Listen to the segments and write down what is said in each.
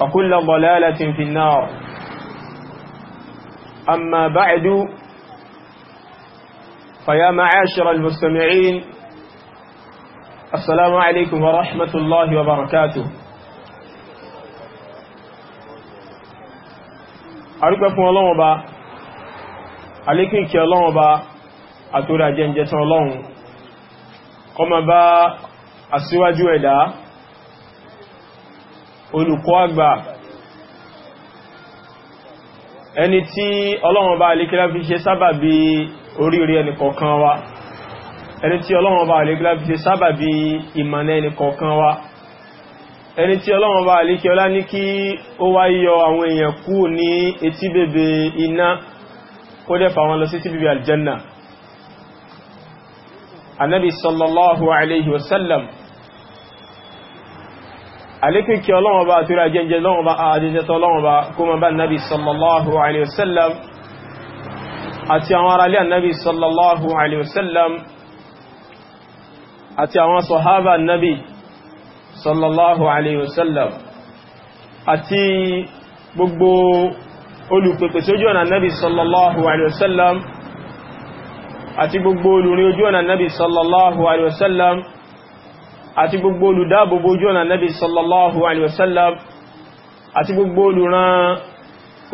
وكل ضلالة في النار أما بعد فيا معاشر المستمعين السلام عليكم ورحمة الله وبركاته أرجو فún Ọlọ́run Ọba àlékún kí Ọlọ́run Ọba àtúrà jẹ́ ǹjẹ́ tán Ọlọ́run kó máa bá aṣíwájú olùkọ́ àgbà ẹni tí ọlọ́run bá alékílá fi ṣe sábàbí oríire ẹni kọ̀ọ̀kan wa ẹni tí ọlọ́run bá alékílá fi ṣe sábàbí ìmọ̀nà ẹni kọ̀ọ̀kan wa ẹni tí ọlọ́run bá alékíọlá ní kí ó wá yọ àwọn èèyàn kú ní etí bèbè iná kó dẹ̀ fà wọn lọ sí etí bèbè aljanna anabi sallallahu alaihi wasallam alékún kí ọlọ́wọ́n bá àtúrà jẹ́jẹ́ lọ́wọ́n bá àjẹ́jẹ́tọ́ lọ́wọ́n bá kó ma bá nabi sallallahu alaihi wasallam àti àwọn aráalé nabi sallallahu alaihi wasallam àti àwọn sọ̀hábà nabi sallallahu alaihi wasallam àti gbogbo olùpẹ̀pẹ̀ sí ojú ọ̀nà nabi sallallahu alaihi wasallam àti gbogbo olùrin ojú ọ̀nà nabi sallallahu alaihi wasallam àti gbogbo olùdáàbòbò ojú ọ̀nà nabi sallallahu alaihi wasallam àti gbogbo olùran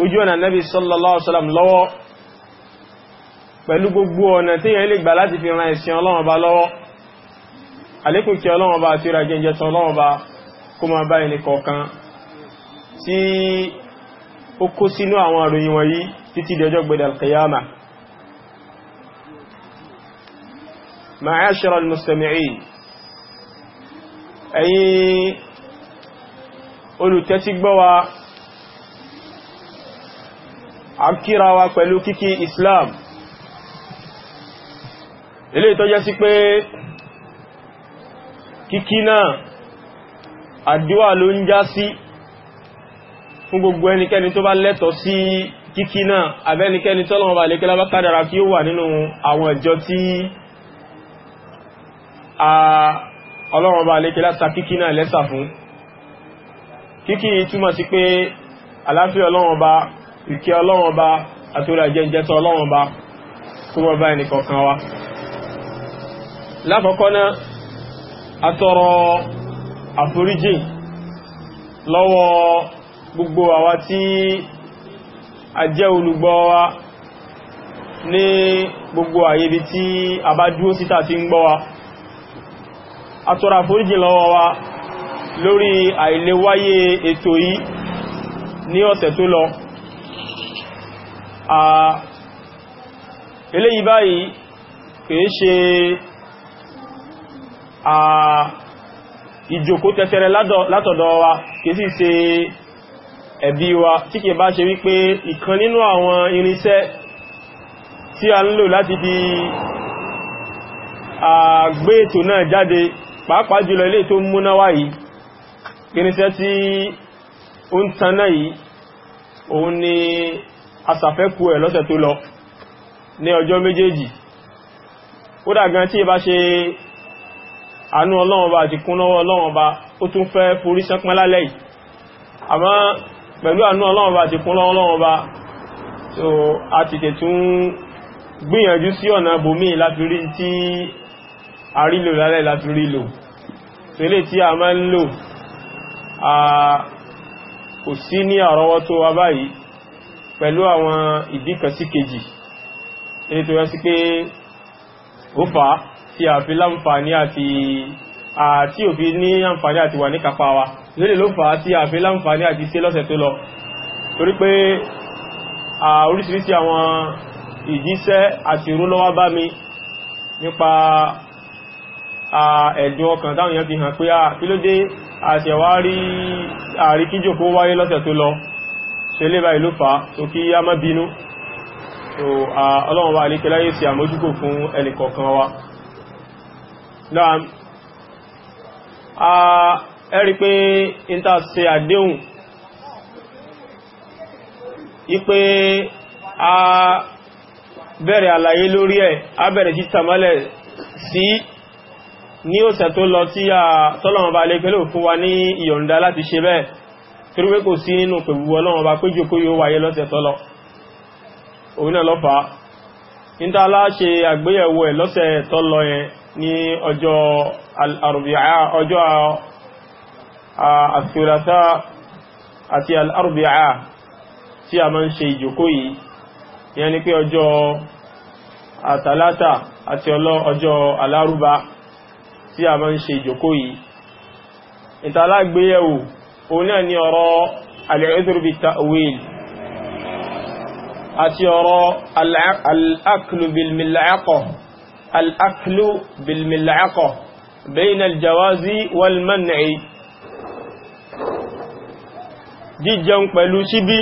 ojú ọ̀nà nabi sallallahu alaihi wasallam lọ́wọ́ pẹ̀lú gbogbo ọ̀nà tí yẹn lè gbà láti fi ran ẹ̀sìn Ọlọ́run bá lọ́wọ́ àlékún kí Ọlọ́run bá tí ó ra jẹ́ tán Ọlọ́run bá kó máa bá ẹ̀yin olùtẹ́tígbọ́wa a wa pẹ̀lú kíkí Islam ilé tó jẹ́ sí pé kíkí náà àdúwà ló ń já sí fún gbogbo ẹnikẹ́ni tó bá lẹ́tọ̀ sí kíkí náà abẹ́nikẹ́ni tọ́lọ̀wọ́ bá lékẹ́lá bá kádàrà kí ó wà nínú àwọn ìjọ tí a ọlọ́run ọba alékẹ́ láti kíkí náà lẹ́sà fún kíkí túmọ̀ sí pé àláfíà ọlọ́run ọba ìkẹ́ ọlọ́run ọba àtúrà jẹ́jẹ́tọ́ ọlọ́run ọba kó mọ́ bá ẹnìkọ̀ọ̀kan wa lákọ̀ọ́kọ́ náà atọrọ àforíjì lọ́wọ́ gbogbo àwa tí a jẹ́ olùgbọ́ wa ní gbogbo àyèbí tí a síta ti ń gbọ́ wa atọ́ra àforíjì lọ́wọ́ wa lórí àìlewáyé ètò yìí ní ọ̀sẹ̀ tó lọ eléyìí báyìí kìí ṣe ìjòkó tẹ́tẹ́rẹ látọ̀dọ̀ wa kìí sì ṣe ẹ̀bí wa tí kìí bá ṣe wípé ìkan nínú àwọn irinṣẹ́ tí a ń lò láti fi gbé ètò náà jáde pàápàá jùlọ ilé tó múnáwá yìí irinṣẹ́ tí ó ń tanná yìí òun ni asàfẹ́kù ẹ̀ lọ́sẹ̀ tó lọ ní ọjọ́ méjèèjì ó dàgan tí ìbá ṣe àánú ọlọ́wọ́n bá àti kúnnọ́wọ́ ọlọ́wọ́n bá ó tún fẹ́ forí sánpán lálẹ́ yìí àmọ́ pẹ̀lú àánú ọlọ́wọ́n àti kúnnọ́wọ́ ọlọ́wọ́n so a ti tẹ̀ tún gbìyànjú sí ọ̀nà bòmí láti rí tí àrílò lálẹ́ láti rílò tẹ́lẹ̀ tí a máa ń lò a kò sí ní àrọ́wọ́tó wa báyìí pẹ̀lú àwọn ìdíkàsí kejì ilé tó yẹ sí pé ó fà á tí a fi láǹfààní àti àti òfi ní àǹfààní àti wà ní kápá wa lórí ló fà á tí a fi láǹfààní àti sí lọ́sẹ̀ tó lọ torí pé a oríṣiríṣi àwọn ìdíṣẹ́ àti ìrúlọ́wọ́ bá mi nípa ẹ̀dùn ọkàn táwọn èèyàn fi hàn pé ah, kí ló dé àṣẹ̀wárí àríkíjòkó wáyé lọ́sẹ̀ tó lọ ṣe lébà ìlú fa tó kí a má bínú ọlọ́run wa alékẹ́láyé sí àmójúkò fún ẹnìkọ̀ọ̀kan wa pé bẹ̀rẹ̀ àlàyé lórí ẹ̀ sí ní ọ̀sẹ̀ tó lọ tí a tọ́lọ̀wọ̀n bá lẹ́gbẹ̀lẹ́ fún wa ní ìyọ̀ǹda láti ṣe bẹ́ẹ̀ torí pé kò sí nínú pẹ̀lú ọlọ́wọ̀n bá péjò kó yóò wáyé lọ́sẹ̀ tó lọ òun náà lọ́fà nítàlá ṣe àgbéyẹ̀wò ẹ̀ lọ́sẹ̀ àti al ọjọ́ àtàlátà tí a máa ń ṣe ìjòkó yìí ìtàlágbéyẹ̀wò òun náà ni ọ̀rọ̀ al-udhr bit-ta'wil àti ọ̀rọ̀ al-aklu bil-mil'aqah al-aklu bil-mil'aqah bayna jíjẹun pẹ̀lú síbí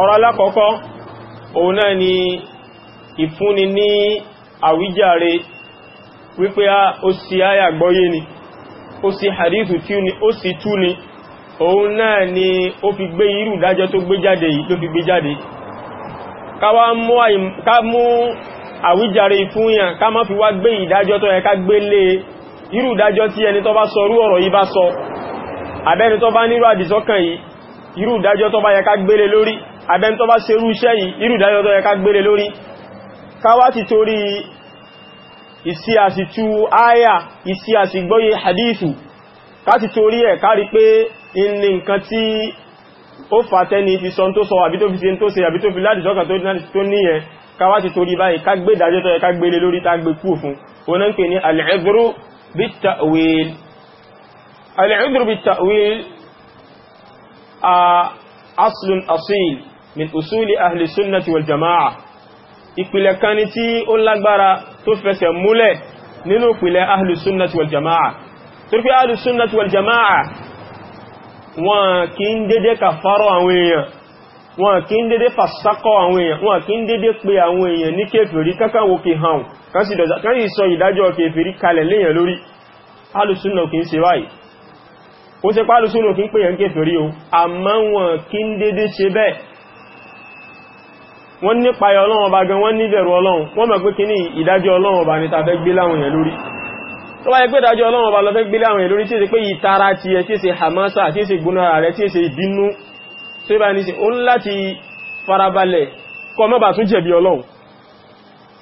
ọ̀rọ̀ alákọ̀ọ́kọ́ òun náà ni ìfúnni ní àwíjàre wípé ah, ó sì áyà gbọ́yé ni ó sì hadithu tí ó sì tú ni òun náà ni ó fi gbé irú ìdájọ́ tó gbé jáde yìí tó fi gbé jáde káwá mú àwíjàre ìfúnyàn ká má fi wá gbé ìdájọ́ tó yẹ ká gbé lé e. irú ìdájọ́ tí ẹni tó bá sọ rú ọ̀rọ̀ yìí bá sọ àbẹ́ni tó bá nírú àdìsọ́kàn yìí irú ìdájọ́ tó bá yẹ ká gbélé lórí àbẹ́ni tó bá ṣerú iṣẹ́ yìí irú ìdájọ́ tó yẹ ká gbélé lórí káwá ti torí ìsí àsìtú áyà ìsí àsìgbọ́yé hadithu káti torí ẹ̀ kárí pé inú nǹkan tí ó fàtẹ́ni fi sọ tó sọ àbí tó fi ṣe tó ṣe àbí tó fi láti sọ́kà tó níyẹn káwá ti torí báyìí ká gbé ìdájọ́ tó yẹ ká gbélé lórí tá gbé kú fún wọn ń pè ní al-'udhru tawil ìpìlẹ̀ kan ni tí ó lágbára tó fẹsẹ̀ múlẹ̀ nínú ìpìlẹ̀ ahlùsúnnàtí wal jama'a torí pé ahlùsúnnàtí wal jama'a wọn kí ń dédé kàfàrọ àwọn èèyàn wọn kí ń dédé fàṣákọ àwọn èèyàn wọn kí ń dédé pé àwọn èèyàn ní kéfèrí kákàwò kí ó ṣe pálùsúnnà kí ń kéfèrí o àmọ́ wọn kí ń dédé ṣe bẹ́ẹ̀ wọ́n ní payọ ọlọ́run ọba gan wọ́n ní bẹ̀rù ọlọ́run wọ́n mọ̀ pé kí ní ìdájọ́ ọlọ́run ọba ní tàbẹ́ gbé láwọn èèyàn lórí tó bá yẹ pé ìdájọ́ ọlọ́run ọba lọ́fẹ́ gbé láwọn èèyàn lórí tí ó ṣe pé ìtara ti ẹ tí ó ṣe hamasa tí ó ṣe gbóná rẹ̀ tí ó ṣe ìbínú tó bá ní sí ó ń láti farabalẹ̀ kó má bàa tún jẹ̀bi ọlọ́run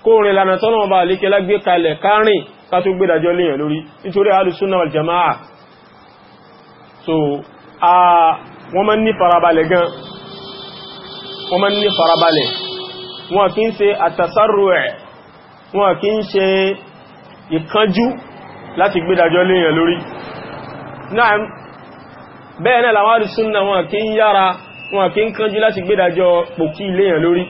kó rìn lànà tọ́lọ́run ọba àlékẹ́ lágbé kalẹ̀ kárìn ká tó gbé ìdájọ́ léèyàn lórí nítorí alùsúnà wal jamaa so wọ́n máa ń ní farabalẹ̀ gan wọ́n máa ń ní farabalẹ̀ wọn kí ń ṣe àtàsárò ẹ̀ wọn kí ń ṣe ìkánjú láti gbédàjọ́ léèyàn lórí náà bẹ́ẹ̀ náà làwọn àrísúnnà wọn kí ń yára wọn kí ń kánjú láti gbédàjọ́ pòkí léèyàn lórí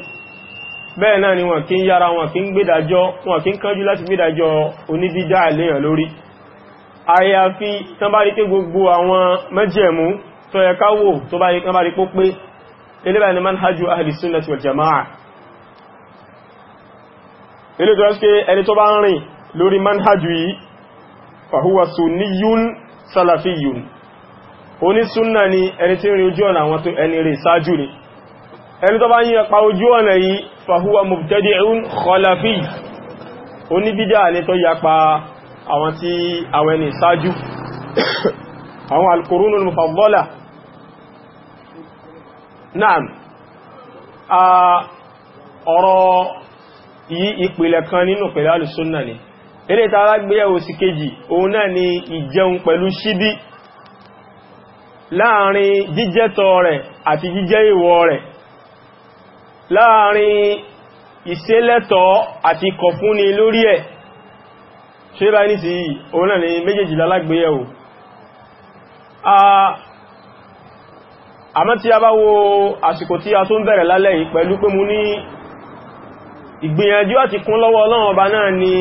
bẹ́ẹ̀ náà ni wọn kí ń yára wọn kí ń gbédàjọ́ wọn kí ń kánjú láti gbédàjọ́ oníbídá léèyàn lórí àyàfi tán bá rí pé gbogbo àwọn mẹ́jẹ̀mú tó yẹ káwò tó bá rí pé pé ilébà ni manhajú ahli sunnati wal jama'a ilé tó ẹ́sùké ẹni tó bá ń rìn lórí manhajú yìí fàhúwà sunniyun salafiyun oní súnnà ni ẹni tí ń rin ojú ọ̀nà àwọn tó ẹni rè sáájú ni ẹni tó bá ń yẹpa ojú ọ̀nà yìí fàhúwà mubtadi'un khalafi oní bídá ni tó yapa àwọn tí àwọn ẹni sáájú àwọn al-qurunul mufaddala ah, ọ̀rọ̀ yí ìpìlẹ̀ kan nínú pẹ̀lú alùsùnà ni eré tààrà gbéyàwó sí kejì òun náà ni ìjẹun pẹ̀lú ṣíbí láàrin jíjẹ́tọ̀ rẹ̀ àti jíjẹ́ ìwọ rẹ̀ láàrin ìṣẹ́lẹ́tọ̀ àti kọ̀fúnni lórí ẹ̀ ṣe bá ní sí òun náà ni méjèèjì àmọ́ tí a bá wo àsìkò tí a tún bẹ̀rẹ̀ lálẹ́ yìí pẹ̀lú pé mú ní ìgbìyànjú àti kún lọ́wọ́ ọlọ́run ọba náà ni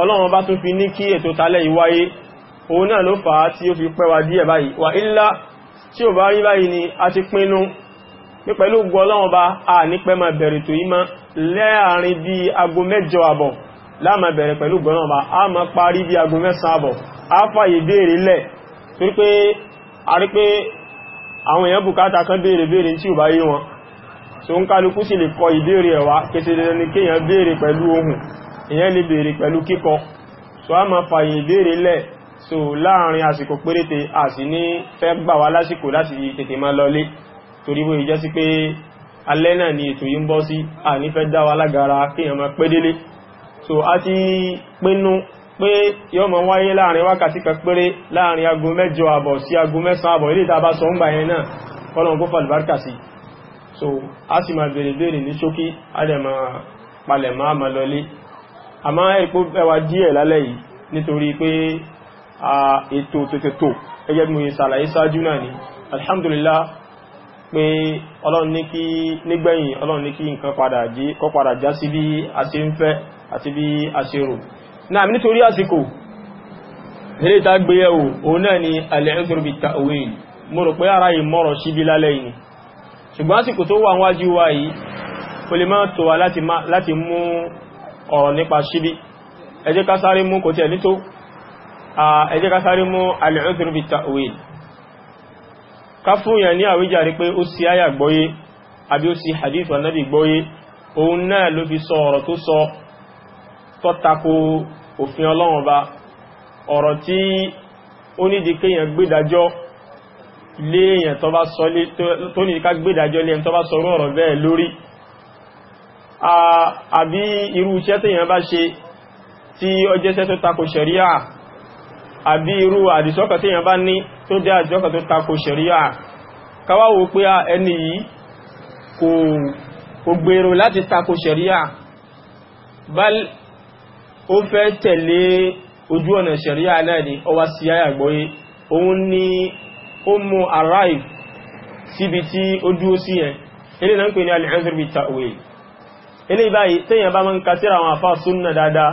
ọlọ́run ọba tún fi ní kí ètò tálẹ̀ ìwáyé òun náà ló fàá tí ó fi pẹ́wà díẹ̀ báyìí wà ílá tí ò bá rí báyìí ni a ti pinnu ní pẹ̀lú ògùn ọba la máa bẹ̀rẹ̀ pẹ̀lú ògùn ọlọ́run ọba a máa parí bí aago mẹ́sàn àbọ̀ a fàyè béèrè lẹ̀ torí pé so ń kálukú sì lè kọ ìbéèrè ẹ̀wá kése dandan ni kéèyàn béèrè pẹ̀lú ohùn èyàn lè béèrè pẹ̀lú kíkọ so a máa fàyè ìbéèrè lẹ̀ so láàrin àsìkò péréte a sì ní fẹ́ gbà wá lásìkò láti tètè máa lọlé torí bó ìjẹ́ sí pé alẹ́ náà ni ètò yìí ń bọ́ sí a ní fẹ́ dá wa lágara kéèyàn máa pé délé so a ti pinnu pé yóò máa wáyé láàrin wákàtí kan péré láàrin aago mẹ́jọ àbọ̀ sí aago mẹ́sàn àbọ̀ ilé ìta bá sọ ń gbà yẹn náà kọ́lọ̀ ń kó fàlùbárkà sí i so a sì máa bèèrè bèèrè ní ṣókí a dẹ̀ máa palẹ̀ máa ma lọlé a máa ẹ̀kó ẹwà díẹ̀ lálẹ́ yìí nítorí pé a ètò tètètò ẹgẹ́ bí mo sáájú náà ni alhamdulillah pé ọlọ́run ní kí nígbẹ̀yìn ọlọ́run ní kí nǹkan padà jí kọ́ padà já sí bí a ṣe ń fẹ́ àti bí a ṣe rò náà nítorí àsìkò nílé ìtagbéyẹ̀wò ni ṣùgbọ́n àsìkò tó wà wájú wa yìí kò lè máa tó wa láti mú ọ̀rọ̀ nípa ṣíbí ẹ jẹ́ ká sáré mú kò tẹ̀ nító ẹ jẹ́ ká sáré mú al-udhru bit-ta'wil ká fún yẹn ní àwíjàre pé ó sì áyà gbọ́yé àbí léèyàn tó bá sọ lé tó ní ká gbédàjọ́ léèyàn tó bá sọ ọ̀rọ̀ bẹ́ẹ̀ lórí àbí irú iṣẹ́ tèèyàn bá ṣe tí ó jẹ́ṣẹ́ tó tako ṣẹ̀ríà àbí irú àdìsọ́kàn tèèyàn bá ní tó jẹ́ àdìsọ́kàn tó tako ṣẹ̀ríà bal ó fẹ́ tẹ̀lé ojú ọ̀nà ṣẹ̀ríà náà ni ó òun ni ó mú arrive síbi tí ó dúó sí yẹn ilé náà ń pè ní al-'udhr bit-ta'wil ilé báyìí tẹ́yìn bá mọ́ ń kásíra àwọn àfáà súnnà dáadáa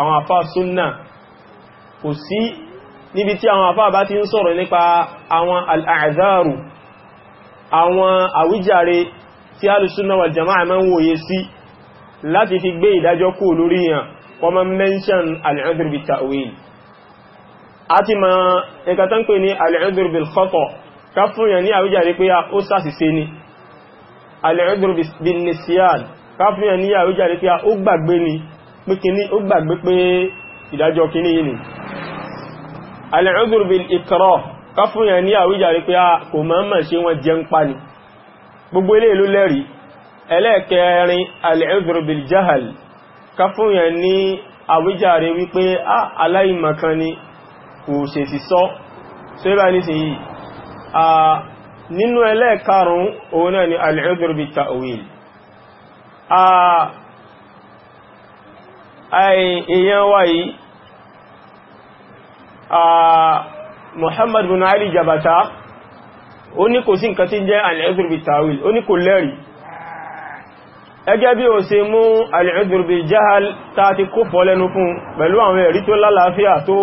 àwọn àfáà súnnà kò sí níbi tí àwọn àfáà bá ti ń sọ̀rọ̀ nípa àwọn al-a'dharu àwọn àwíjàre tí al-sunna wal jama'a máa ń wòye sí láti fi gbé ìdájọ́ kú lórí yàn wọ́n mọ́ mẹ́ńṣàn al àti ma nǹkan tán pè ní al-udhr bil khata ká fún yàn ní àwíjàre pé ó ṣàṣìṣe ni al-udhr bin nisyan ká fún yàn ní àwíjàre pé ó gbàgbé ni pé kíní ó gbàgbé pé ìdájọ́ kíní yìí ni al-udhr bil ikrah ká fún yàn ní àwíjàre pé kò máa ṣe wọn jẹun àwíjàre wípé aláìmọ̀kan ni kò ṣe ti sọ so ibá ní sí yìí a nínú ẹlẹ́ẹ̀karùn òun náà ni al-udhr bit a èèyàn wá a Muhammad bin Ali Jabata ó ní kò sí nǹkan tí jẹ́ al-udhr bit-ta'wil ó ní kò lẹ́rìí ẹgẹ́ bí o ṣe mú al-udhr bil-jahl ti kó fọ́ lẹ́nu fún pẹ̀lú àwọn ẹ̀rí tó lálàáfíà tó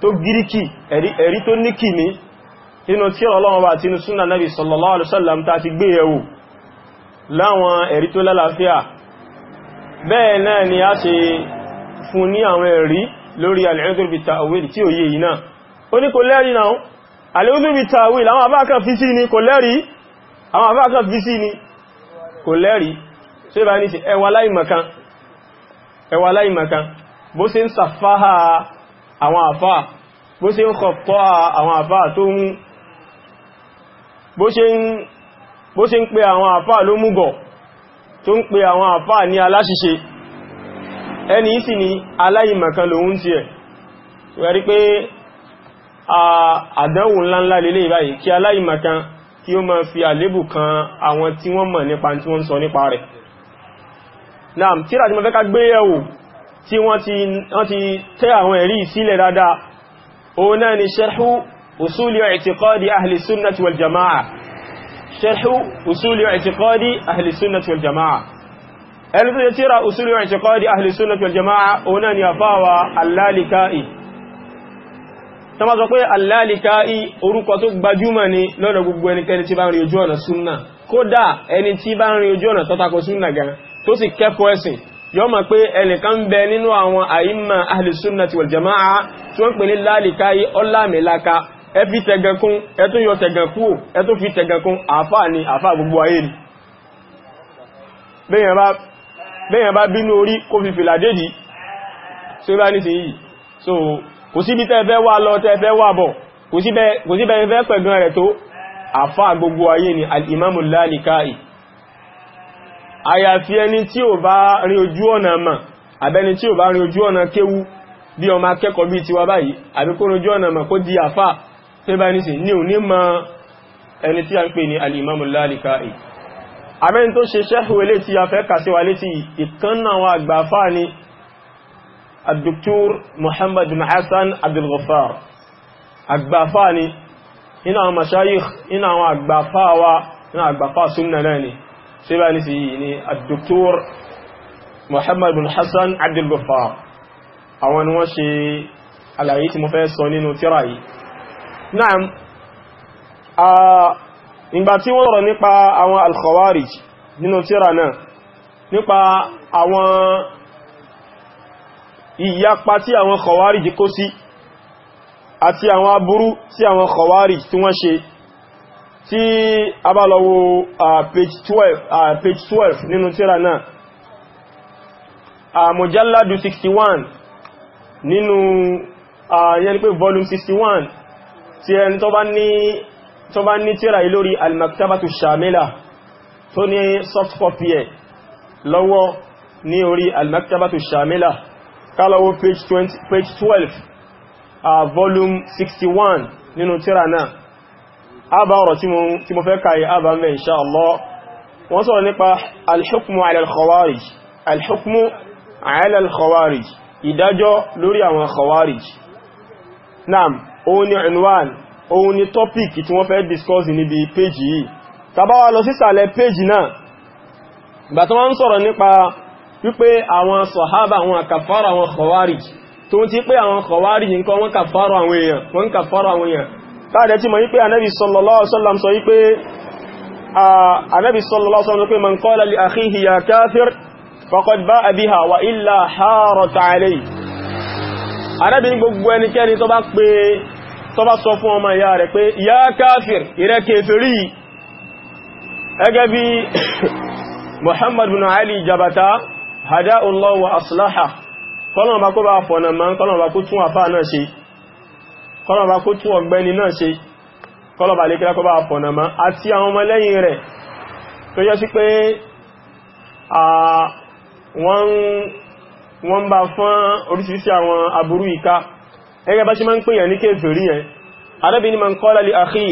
tó gíríkì ẹ̀rí tó níkì ní nínú tí ọlọ́run bá ti ní súnà náàbì sallallahu alaihi wasallam ta ti gbé yẹ̀wò láwọn ẹ̀rí tó lálàáfíà bẹ́ẹ̀ náà ni a ṣe fún ní àwọn ẹ̀rí lórí al-udhr bi ta'wil tí ó yé yìí náà ó ní kò lẹ́rí náà ni kò lẹ́rí ni kò lẹ́rí tó bá ní ti ẹwà láìmọ̀kan àwọn àfá bó ṣe ń kọ̀pọ̀ àwọn àfá tó ń bó ṣe ń pe àwọn àfá ló múgọ̀ tó ń pe àwọn àfá ní aláṣìṣe ẹni sì ni aláìmọ̀kan lòun ti ẹ̀ wẹ́rí pé àdánwò ńláńlá lélé ìbáyìí kí aláìmọ̀kan kí ó máa fi àlébù kan àwọn tí wọ́n mọ̀ nípa tí wọ́n sọ nípa tí wọ́n ti tẹ́ àwọn ẹ̀rí sílẹ̀ dáadáa òun náà ni ṣerhu usuli i'tiqadi ahli sunnati wal jama'a ṣerhu usuli i'tiqadi ahli sunnati wal jama'a ẹni tó yẹ tíra usuli i'tiqadi ahli sunnati wal jama'a òun náà ni a fáwa allalika'i ta ma sọ pé allalika'i orúkọ tó gbajúmọ̀ ni lọ́dọ̀ gbogbo ẹnikẹ́ni tí bá rí ojú ọ̀nà sunna kódà ẹni tí bá rí ojú ọ̀nà tọ́takọ sunna gan tó sì kẹ́kọ̀ọ́ ẹ̀sìn yọ́ ma pé ẹnìkan bẹ nínú àwọn àyíma ahìlìsúnnà ti wal jama'a tí wọ́n pè ní lálìkáyí ọlámìláka ẹ fi tẹ̀gẹ̀kún ẹ tún yọ tẹ̀gẹ̀kú ẹ tún fi tẹ̀gẹ̀kún àfà ní àfà gbogbo ayé ni bẹ́yàn bá bínú orí kó fi fìlàdéjì so kò síbi tẹ́ẹ̀fẹ́ wà lọ tẹ́ẹ̀fẹ́ wà bọ̀ kò síbẹ̀ ẹ̀fẹ́ pẹ̀gbọ́n rẹ̀ tó àfà gbogbo àyàfi ẹni tí ò bá rin ojú ọ̀nà mà àbẹ́ni tí ò bá rin ojú ọ̀nà kéwú bí ọmọ akẹ́kọ̀ọ́ bí tiwa báyìí àbí kó rin ojú ọ̀nà mà kó di àfà tó bá ní sí ní ò ní mọ ẹni tí a ń pè ní al-Imam àwọn àgbàfà ni Dr. Muhammad bin Hassan Abdul Ghaffar àgbàfà ni iná àwọn mashayikh iná wa iná àgbàfà súnnà ṣe bá ní sí yìí ni Dr. Muhammad bin Hassan Abdul Ghaffar àwọn ni wọ́n ṣe àlàyé tí mo fẹ́ sọ nínú tírà yìí náà a ìgbà tí wọ́n rọ̀ nípa àwọn al-Khawarij nínú tírà náà nípa àwọn ìyapa tí àwọn Khawarij kó sí àti àwọn aburú tí àwọn Khawarij tí wọ́n tí a bá lọ wo page 12 page 12 nínú tírà náà àmọ̀jáládù 61 nínú yẹni pé volume 61 tí ẹni tó bá ní tírà yìí lórí al-maktabatu shamila tó ní soft copy ẹ̀ lọ́wọ́ ní orí al-maktabatu shamila kálọ́wọ́ page 12 volume 61 nínú tírà náà àbá ọ̀rọ̀ tí mo fẹ́ káyẹ àbá mẹ́ insha Allah wọ́n sọ̀rọ̀ nípa alhukmu ala al-khawarij alhukmu ala al-khawarij ìdájọ́ lórí àwọn khawarij naam òun ni unwan òun ni topic tí wọ́n fẹ́ discuss níbi page yìí tàbáwà lọ sísàlẹ̀ page náà gbà tó wọ́n sọ̀rọ̀ nípa wípé àwọn sọ̀hábà àwọn àkàfàrà àwọn khawarij tó ń ti pé àwọn khawarij nǹkan wọ́n kàfàrà àwọn èèyàn táàdẹ̀ tí mọ̀ yí pé anábi sallallahu alaihi wasallam sọ yí pé anábi sallallahu alaihi wasallam sọ pé man qala li akhihi ya kafir faqad ba'a biha wa illa harat alayhi anábi ní gbogbo ẹnikẹ́ni tó bá pé tó bá sọ fún ọmọ ìyá rẹ̀ pé ya kafir ìrẹ́ kèfèrí ẹgẹ́ bí muhammad bin Allah wa aslaha kọ́lọ̀ bá kó bá fọ̀nà mọ́ kọ́lọ̀ bá kó tún àfáà náà ṣe kọ́lọ̀bá kó tún ọ̀gbẹ́ni náà ṣe kọ́lọ̀bá lè kíra kọ́bá àpọ̀nàmá àti àwọn ọmọ lẹ́yìn rẹ̀ tó yẹ sí pé wọ́n bá fán oríṣiríṣi àwọn aburú ìka ẹgbẹ́ bá ṣe máa ń pèyàn ní kéfèrí yẹn Ànábì ní man qala li akhi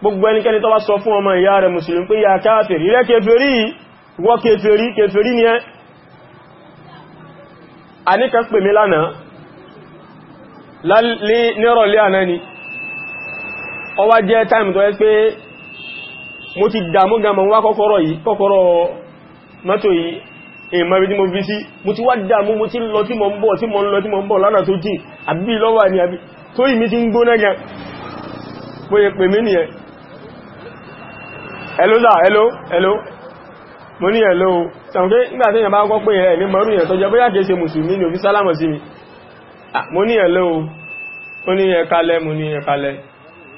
gbogbo ẹnikẹ́ni tó bá sọ fún ọmọ ìyá rẹ̀ mùsùlùmí pé ya káfèrí rẹ̀ kéfèrí wọ́n kéfèrí kéfèrí ni ẹ́ a ní kan pè mí lánàá nírọ̀lẹ́ àná ni ọ wá jẹ́ táìmù tó yẹ pé mo ti dàmú gama wá kọ́kọ́rọ́ yìí kọkọrọ mẹ́tò yìí èèmọ̀ tí mo fi sí mo ti wá dàmú mo ti lọ tí mo ń bọ̀ tí mo ń lọ tí mo ń bọ̀ lánà tó jìn àbí lọ́wà ní àbí tó mo ní nígbàtí pé ẹ̀ ní tó jẹ́ mi Ah, mo ní ẹ̀lẹ́ o ó ní ẹ̀kalẹ́ mo ní ẹ̀kalẹ́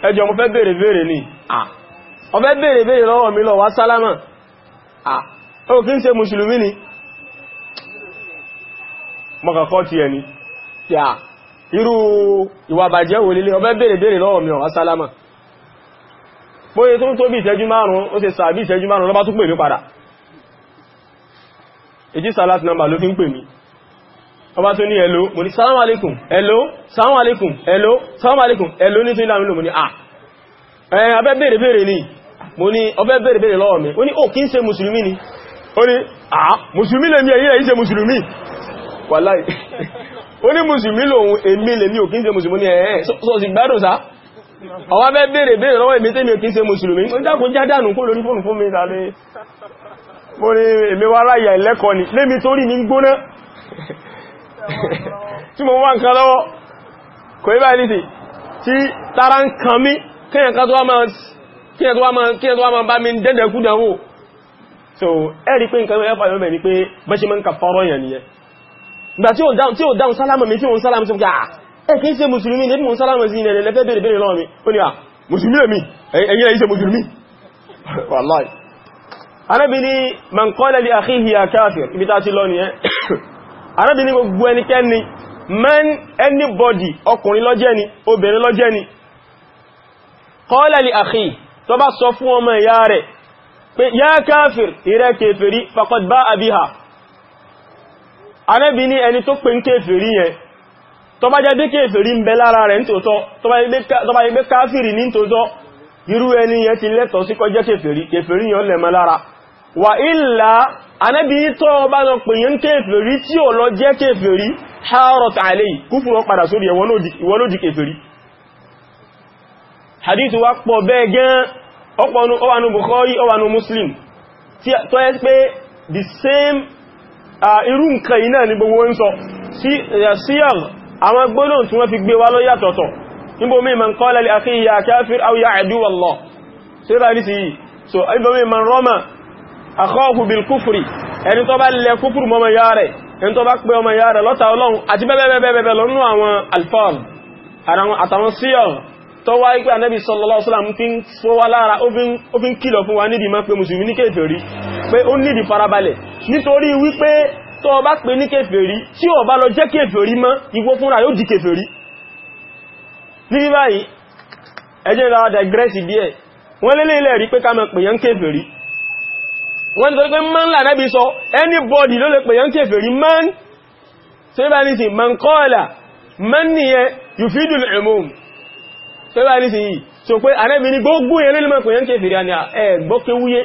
ẹjọ́ mo fẹ́ bèèrè bèèrè ní ó ah, fẹ́ bèèrè bèèrè lọ́wọ́ mi lọ wá sálámà ó kí ń ṣe mùsùlùmí ni mọ́kànkọ́ ti ẹni yà irú ìwà bàjẹ́ wò lílé bèèrè bèèrè lọ́wọ́ mi ó wá sálámà bóyẹ tó ń tó bí ìṣẹ́jú márùn-ún ó ṣe sàbí ìṣẹ́jú márùn-ún ló tún pè mí padà èjì sàlát nàmbà ló fi ń pè mí ọba tó ní ẹ̀lò mo ní salamu alaikum ẹ̀lò salamu alaikum ẹ̀lò salamu alaikum ẹ̀lò ní tó ìlànà ìlò mo ní à ẹ̀yìn abẹ́ bèèrè bèèrè ní mo ní ọbẹ́ bèèrè bèèrè lọ́wọ́ mi ó ní ò kí ń ṣe mùsùlùmí ni ó ní à ah, mùsùlùmí lè mí ẹ̀yìn ṣe mùsùlùmí wàláì ó ní mùsùlùmí lòun èmi lè mí ò kí ń ṣe mùsùlùmí ẹ̀ẹ́ eh, eh, sọ sì gbádùn sá ọwá bẹ́ bèèrè bèèrè lọ́wọ́ èmi tẹ́mi ò kí ń ṣe mùsùlùmí ó dákun jádànù kó lórí tí mo wá nǹkan lọ́wọ́ kò ibá ìlítì tí tara ń kàn mí kíyàn tó wá máa bá mi dẹ́dẹ̀kúdẹ̀wò so ẹ̀rí pé nǹkan ẹ̀fà yọ́ mẹ́rin pé bẹ́ṣe mọ́ ń kà fọ́rọ̀ yẹn nìyẹn ìgbà tí ó dáun sálámà mi tí ó ń sálámà sí ah, ẹ̀ kìí ṣe mùsùlùmí ní mú sálámà sí ilẹ̀ lẹ́fẹ́ bèèrè bèèrè lọ́wọ́ mi ó ní à ah, mùsùlùmí lèmi ẹ̀yìn ẹ̀yìn ṣe ni man qala li akhihi ya kafir ibi ta ti lọ nìyẹn arábì ní gbogbo ẹnikẹ́ni man anybody ọkùnrin lọ́jẹ́ ni obìnrin lọ́jẹ́ ni qala li akhi tó bá sọ fún ọmọ ìyá rẹ̀ pé yá káfìr ìrẹ́ kèfèrí faqad ba'a biha arábì ní ẹni tó pè ń kèfèrí yẹn tó bá jẹ́ bí kèfèrí ń bẹ lára rẹ̀ nítòótọ́ tó bá jẹ́ anẹ́bí tọ́ ọba lọ pèyàn kéfèrí tí ò lọ jẹ́ kéfèrí harrot alay kúfùrù ó padà sórí ìwọ ló di kéfèrí hadith wa pọ̀ bẹ́ẹ̀ gan ọpọ̀nù ọwànú Bukhari ọwànú Muslim tó yẹ pé the same irú nǹkan yìí náà ni gbogbo ń sọ síyàr àwọn gbólóhùn tí wọ́n fi gbé wá lọ yàtọ̀tọ̀ níbo mi man qala li akhihi ya kafir aw sí rà ní sí yìí so ibo mi man roma akhafu bil kufri ẹni tó bá lẹ kúfùrù mọ́mọ yá rẹ̀ ẹni tó bá pẹ ọmọ yá rẹ̀ lọ́ta ọlọ́run àti bẹ́ẹ̀bẹ́ẹ̀bẹ́ẹ̀ lọ́nú àwọn alfọ́n àtàwọn síyọ̀ tó wá ipé anẹ́bí sallallahu alaihi wasallam fi ń fówá lára ó fi ń kìlọ̀ fún wa nídi máa pé mùsùlùmí ní kèfèrí pé ó nídi farabalẹ̀ nítorí wípé tó bá pé ní kèfèrí tí ó bá lọ jẹ́ wọ́n lélẹ̀ ilẹ̀ rí pé ká mọ̀ pèyàn kèfèrí wọ́n tó pé man lànẹ́bí sọ anybody ló lè pèyàn kèfèrí man tó bá ní sí man kọ́ọ̀lá man nìyẹn yufidu al-umum tó bá ní sí yìí so pé anẹ́bí ní gbogbo ẹ̀rẹ́ lè mọ̀ pèyàn kèfèrí àni ẹ̀gbọ́kéwúyé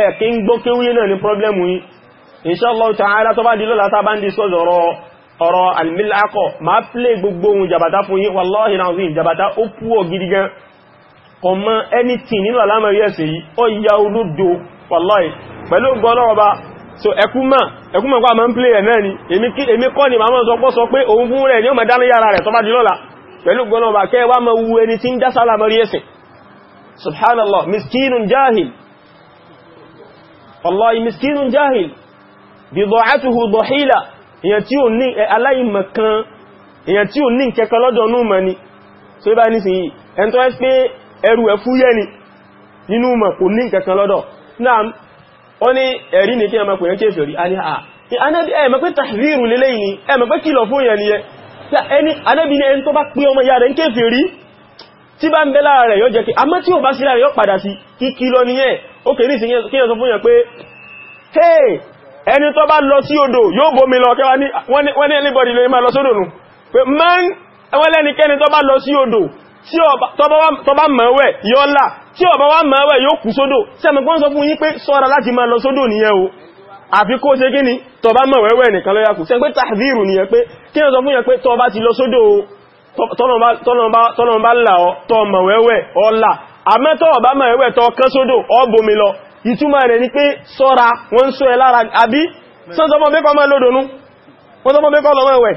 ẹ̀kí ń gbọ́kéwúyé náà ní problem yìí inshallah ta'ala tó di lọ́la tá bá di sọ́dọ̀ ọ̀rọ̀ alìmílákọ̀ máa plé gbogbo ohun jàbátá fún yí wallahi na'udhu jàbátá ó púọ̀ gidi gan ọmọ anything nínú àlámọ̀ rí ẹ̀sẹ̀ yìí ó yá olódo wàláì pẹ̀lú gbọ́lọ́ọ̀bá so ẹkúmà ẹkúmà kó a máa ń plé ẹ̀ náà ni èmi kọ́ ni màmá sọ pọ́ sọ pé òun fún rẹ̀ ní ó máa dáná yára rẹ̀ tọ́bá dìlọ́la pẹ̀lú gbọ́lọ́ọ̀bá kẹ́ wá máa wu ẹni tí ń dá sálà mọ́rí ẹ̀sìn subhanallah miskinun jahil wallahi miskinun jahil bid'atuhu dhahila èyàn tí ò ní aláìmọ̀kan èyàn tí ò ní kẹ́kọ́ lọ́dọ̀ ẹ̀fúyẹ́ ni nínú ìmọ̀ kò ní kẹ́kọ́ lọ́dọ̀ náà wọ́n ní ẹ̀rí ní kí a máa pèyàn kéfèrí a ní tahriru ẹ̀mọ̀ pé tàhírù lélẹ́ ìní ẹ̀mọ̀ pé kìlọ̀ fún ìyẹn niyẹ ànábì ní ẹni tó bá pé ọmọ ìyá rẹ̀ ń kéfèrí tí bá ń bẹ lára rẹ̀ yóò jẹ́ kí a mọ́ tí ò bá sí lára yóò padà sí ìkìlọ̀ niyẹn ó kè ní ìsìnkí kíyàn sọ fún yẹn pé hey ẹni tó bá lọ sí odò yóò bomi lọ kẹwàá ní wọ́n ní anybody lè máa lọ sódò nù pé man ẹwọ́n ni tó bá lọ sí odò tí ọba mọ̀wẹ̀ yóò là tí ọba wá mọ̀wẹ̀ yóò kú sódò sẹ́mẹ̀gbọ́n sọ fún yín pé sọ́ra láti máa lọ sódò nìyẹn o àfi kó ṣe kíni tọba mọ̀wẹ̀wẹ̀ nìkan lọ́yà kù sẹ́ pé tàbírù nìyẹn pé kí ọ sọ fún yẹn pé tọba ti lọ sódò tọ́lọ̀mbá là ọ tọ mọ̀wẹ̀wẹ̀ ọlà àmẹ́tọ́ ọba mọ̀wẹ̀wẹ̀ tọ kán sódò ọbomi lọ ìtumọ̀ rẹ̀ ni mẹ́kọ́ lọ́wọ́ ẹ̀wẹ̀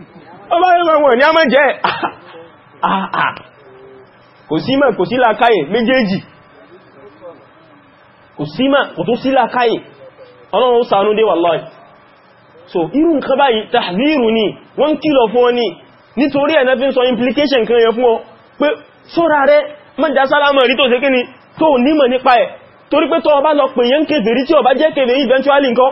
ọba ẹgbẹ̀ wọn ni a mọ́ jẹ́ àà kò sí mọ̀ kò sí làkáyè méjèèjì kò sí mọ̀ kò tó sí làkáyè ọlọ́run ṣàánú dé wallahi so irú nǹkan báyìí tahziru ni wọ́n kìlọ̀ fún ọ ni nítorí ẹ̀nà fi ń sọ implication kan yẹn fún ọ pé sọ́ra rẹ mọ́já sálámọ̀ rí tó ṣe kí ni tó nímọ̀ nípa ẹ̀ torí pé tó ọba lọ pè yẹn kèfèrí tí ọba jẹ́ kèfèrí eventually nǹkan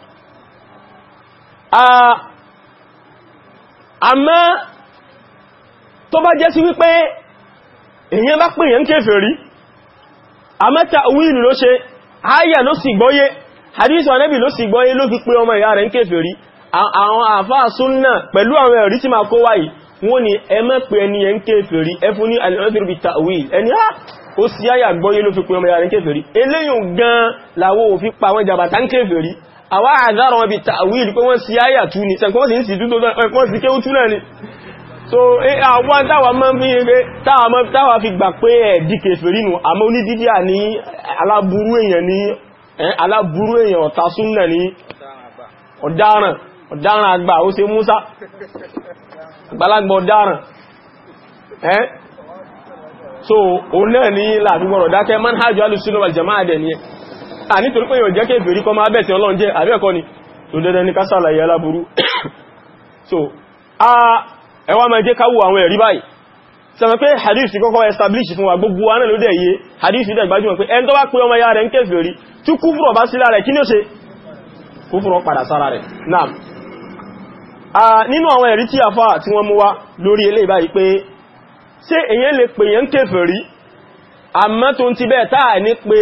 àmọ́ tó bá jẹ́ sí wípé èyàn bá pè yẹn kèfèrí àmọ́ ta'wil ló ṣe ayà ló sì gbọ́yé hadith Ànábì ló sì gbọ́yé ló fi pé ọmọ ìyá rẹ̀ ń kèfèrí àwọn àfáà súnnà pẹ̀lú àwọn ẹ̀rí tí ma kó wáyìí wọ́n ni ẹ má pè ẹni yẹn kèfèrí ẹ fún ní al-udhr bi ta'wil ẹni á ah, ó sì ayà gbọ́yé ló fi pé ọmọ ìyá rẹ̀ ń kèfèrí eléyìn gan làwọ́ òfin pa wọ́n jàbàtà ń kèfèrí àwa àdára wọn bí tàwíl pé wọ́n sí ayà tú ní sẹ́kọ́ sí sí tútó wọ́n sí kéwú tú náà ni so eh, àwọn táwà máa fi rẹ̀ táwà fi gbà pé ẹ̀dí kèfèrínù àmọ́ onídídíà ní aláburú èèyàn ní aláburú èèyàn ọ̀tá súnnà ní ọ̀daràn ọ̀daràn àgbà ó ṣe Músá àgbàlagbà ọ̀daràn ẹ́ so òun náà ní làbígbọ̀rọ̀ dákẹ́ manhajj alùsùnà wal jama'a dẹ̀ ni ẹ̀ à ah, nítorí pé yóò jẹ́ kèfèrí kọ máa bẹ̀sìn Ọlọ́run jẹ́ àbẹ́ẹ̀kọ́ ni tó dẹ́dẹ́ ní kásàlà ìyá aláburú so a ẹwà máa jẹ́ káwò àwọn ẹ̀rí báyìí sọmọ pé hadith kọ́kọ́ establish fún wa gbogbo wa náà ló dẹ̀ yé hadith dẹ̀ gbajúmọ̀ pé ẹn tó bá pé ọmọ ya rẹ̀ ń kèfèrí tí kúfùrọ̀ bá sí lára ẹ̀ kí ní ó ṣe kúfùrọ̀ padà sára rẹ̀ náà nínú ti bẹ́ẹ̀ táà ní pé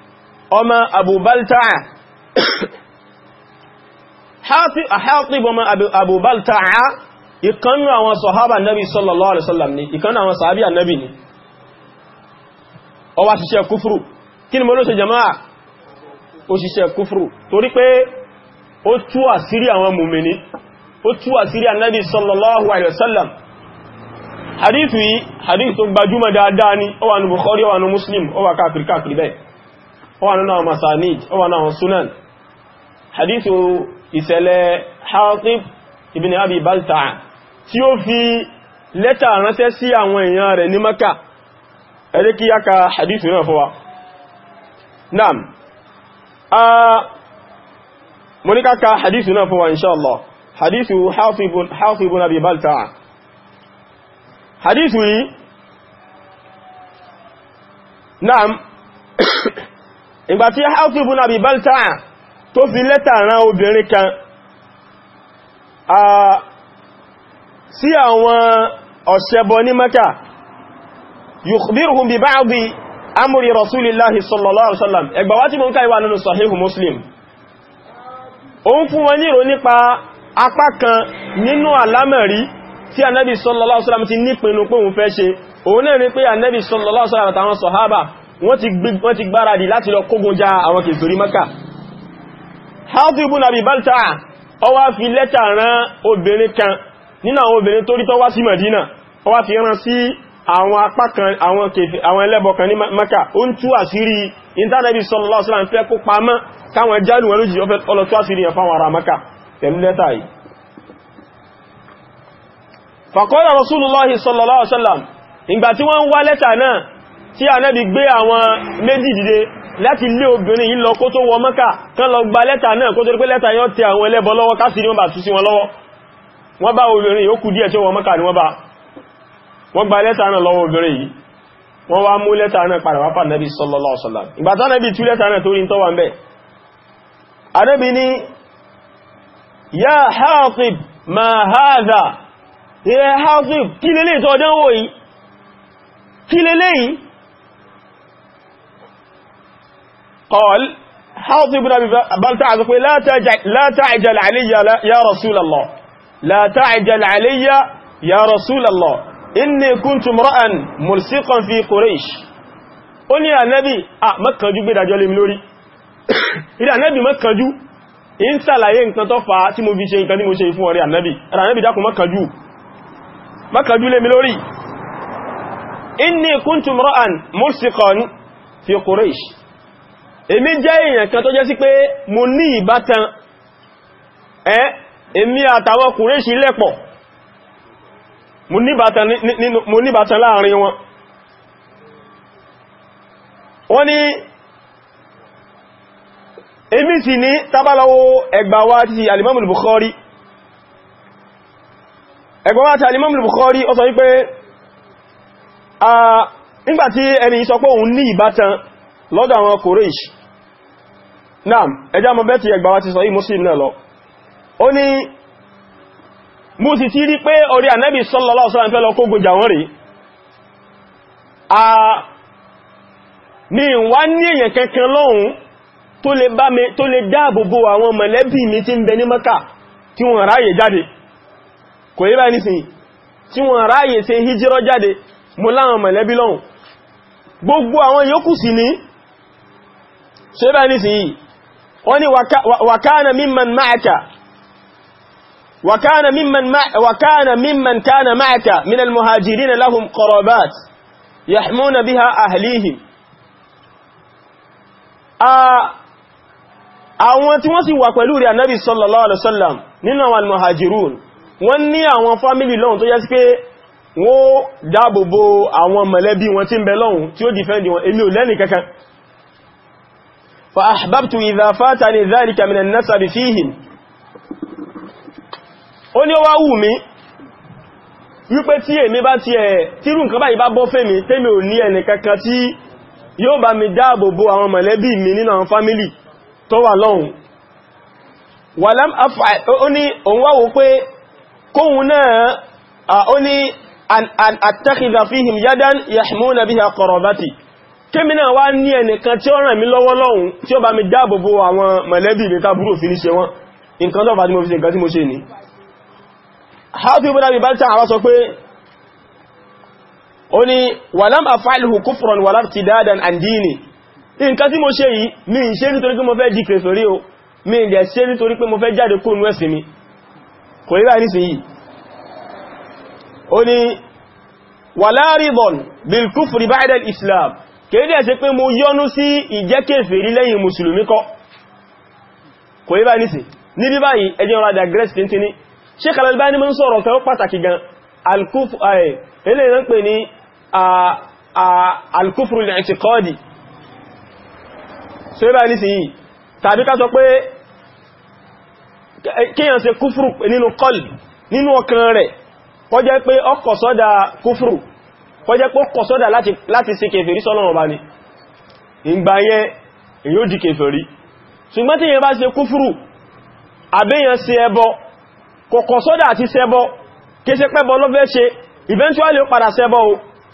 ọmọ Abu Balta'a Hatib ọmọ Abu Balta'a ìkanú àwọn sọ̀hábà nabi sallallahu alaihi wasallam ni ìkanú àwọn sàábí annabi ni ó wá ṣiṣẹ́ kúfùrù kí ni mo ló ṣe jama'a ó ṣiṣẹ́ kúfùrù torí pé ó tú àsírí àwọn mùmìnì ó tú àsírí annabi sallallahu alaihi wasallam hadithu yìí hadithu tó gbajúmọ̀ dáadáa ni ó wà ní Bukhari ó ní Muslim ó káàkiri káàkiri bẹ́ẹ̀ ó wà nínú àwọn masanid ó sunan hadithu ìṣẹ̀lẹ̀ Hatib ibn Abi Balta'a tí ó fi lẹ́tà ránṣẹ́ sí àwọn èèyàn rẹ̀ ní Maka ẹ̀rẹ́ kí yáka hadithu náà fọwa naam a mọ́níkà ka hadithu náà fọwa inṣáàlá hadithu Hatib ibn Abi balta. hadithu yìí naam ìgbàtí Hafiz ibn Abi Balta'a tó fi lẹ́tà rán obìnrin kan sí àwọn ọ̀ṣẹbọ ní Mẹ́kà yukhbiruhum bi ba'di amri rasulillahi sallallahu alaihi wasallam ẹgbà wá tí mo ń ká ìwà nínú sahihu muslim o ń fún wọn ní ìrò nípa apá kan nínú alámẹ̀rí tí anábi sallallahu alaihi wasallam ti nípinnu pé òun fẹ́ ṣe òun náà rí pé anábi sallallahu alaihi wasallam àtàwọn sọ̀hábà wọ́n ti gbáradì láti lọ kógun já àwọn kèfèrí Mákà Hatib ibn Abi Balta'a ó wá fi lẹ́tà rán obìnrin kan nínú àwọn obìnrin tó rí tó wá sí Madina ó wá fi rán sí àwọn apá kan àwọn ẹlẹ́bọ kan ní Mákà ó ń tú àṣírí intanẹ́bí sallallahu alaihi wasallam fẹ́ kó pamọ́ sallallahu alaihi wasallam ìgbà tí wọ́n ń wá lẹ́tà náà tí ànábì gbé àwọn méjì dìde láti lé obìnrin yìí lọ kó tó wọ Mẹ́kà kán lọ gba leta náà kó tó rí pé lẹ́tà yóò tẹ àwọn ẹlẹ́bọ lọ́wọ́ kásì ní wọ́n bá wọn lọ́wọ́ wọ́n bá obìnrin yóò kú díẹ̀ tí wọ Mẹ́kà gba náà lọ́wọ́ obìnrin yìí wọ́n wá mú náà padà wá قال حاطب بن أبي بلتع لا تعجل, لا تعجل علي يا رسول الله لا تعجل علي يا رسول الله إني كنت امرأ ملصقا في قريش قل يا نبي مكجو بدا جولي ملوري إذا نبي مكجو in ṣàlàyé nǹkan tó fà á tí mo fi ṣe nǹkan tí mo ṣe fún ọ̀rẹ́ ànábì ما dákun mọ́kànjú mọ́kànjú lé mi lórí inni kuntu imra'an mulsiqan fi èmi jẹ́ èèyàn kan tó jẹ́ sí pé mo ní ìbátan ẹ́ èmi àtàwọn kùrẹ́ṣì lẹ́pọ̀ mo ní ìbátan láàrin wọn wọ́n ní èmi sì ní tábàlọ́wọ́ ẹgbàwá ti alimamul Bukhari ẹgbàwá ti alimamul Bukhari ó sọ wípé nígbàtí ẹni sọ pé òun ní ìbátan lọ́dọ̀ àwọn kùrẹ́ṣì naam ẹja mọ̀ bẹ́ẹ̀ ti ti sọ yí muslim náà lọ ó ní mú ti ti rí pé orí ànábì sallallahu alaihi wasallam lọ a ní nwa ní kankan lọ́hun tó lè bá mi tó lè mi ti ń bẹ ní mọ́kà tí wọ́n ráyè jáde kò yí báyìí nísìnyí tí wọ́n ráyè ṣe hijirọ́ jáde mo láwọn gbogbo àwọn sí ní wani wakana mimman ma'aka wakana mimman wakana mimman kana ma'aka min almuhajirin lahum qarabat yahmuna biha ahlihim a àwọn tí wọ́n sì wà pẹ̀lú rẹ̀ annabi sallallahu alaihi wasallam nínú àwọn almuhajirun wọ́n ní àwọn family lohun tó jẹ́ sí pé wọ́n dáàbòbò àwọn mọ̀lẹ́bí wọn tí ń bẹ lọ́hùn tí ó defend wọn èmi ò lẹ́ni kankan فأحببت إذا فاتني ذلك من النسب فيهم ó ní ó wá wù mí wípé tí èmi bá ti ẹ̀ tírù nǹkan báyìí bá bọ́ fẹ́ mi tẹ́mi ò ní ẹni kankan tí yóò bá mi dáàbò bo àwọn mọ̀lẹ́bí mi nínú àwọn fámílì tó wà lọ́hùn kémi náà wá ní ẹnìkan tí ó ràn mí lọ́wọ́ lọ́hùn tí ó bá mi dáàbò bo àwọn mọ̀lẹ́bí mi tábúrò fi ní ṣe wọ́n nǹkan tó fà tí mo fi ṣe nǹkan tí mo ṣe ní Hafiz ibn Abi Balta àwọn sọ pé ó ní walam af'alhu kufran wala irtidadan an dini nǹkan tí mo kéde ẹ̀ṣẹ́ pé mo yọ́nú sí ìjẹ́ kèfèrí lẹ́yìn mùsùlùmí kọ́ kò yí bá ní sí ní bí báyìí ẹjẹ́ ọ̀rọ̀ àdàgrẹ́sì tí ní Sheikh Al-Albani mọ́ ń sọ̀rọ̀ kan pàtàkì gan al-kufru al-i'tiqadi so yí bá ní sí yìí tàbí ká sọ pé ṣe kúfùrù nínú qalbi nínú ọkàn rẹ̀ kọjá pé ọkọ̀ kọjẹ́ pọ́ kọ sọ́dà láti ṣe kèfèrí sọ́nà ọba ni ìgbà yẹn èyí ó di kèfèrí ṣùgbọ́n tí yẹn bá ṣe kúfúrù àbẹ́yàn ṣe ẹbọ kọ̀kọ̀ àti ṣẹbọ kéṣe pẹ́bọ lọ́fẹ́ ṣe eventually ó padà ṣẹbọ o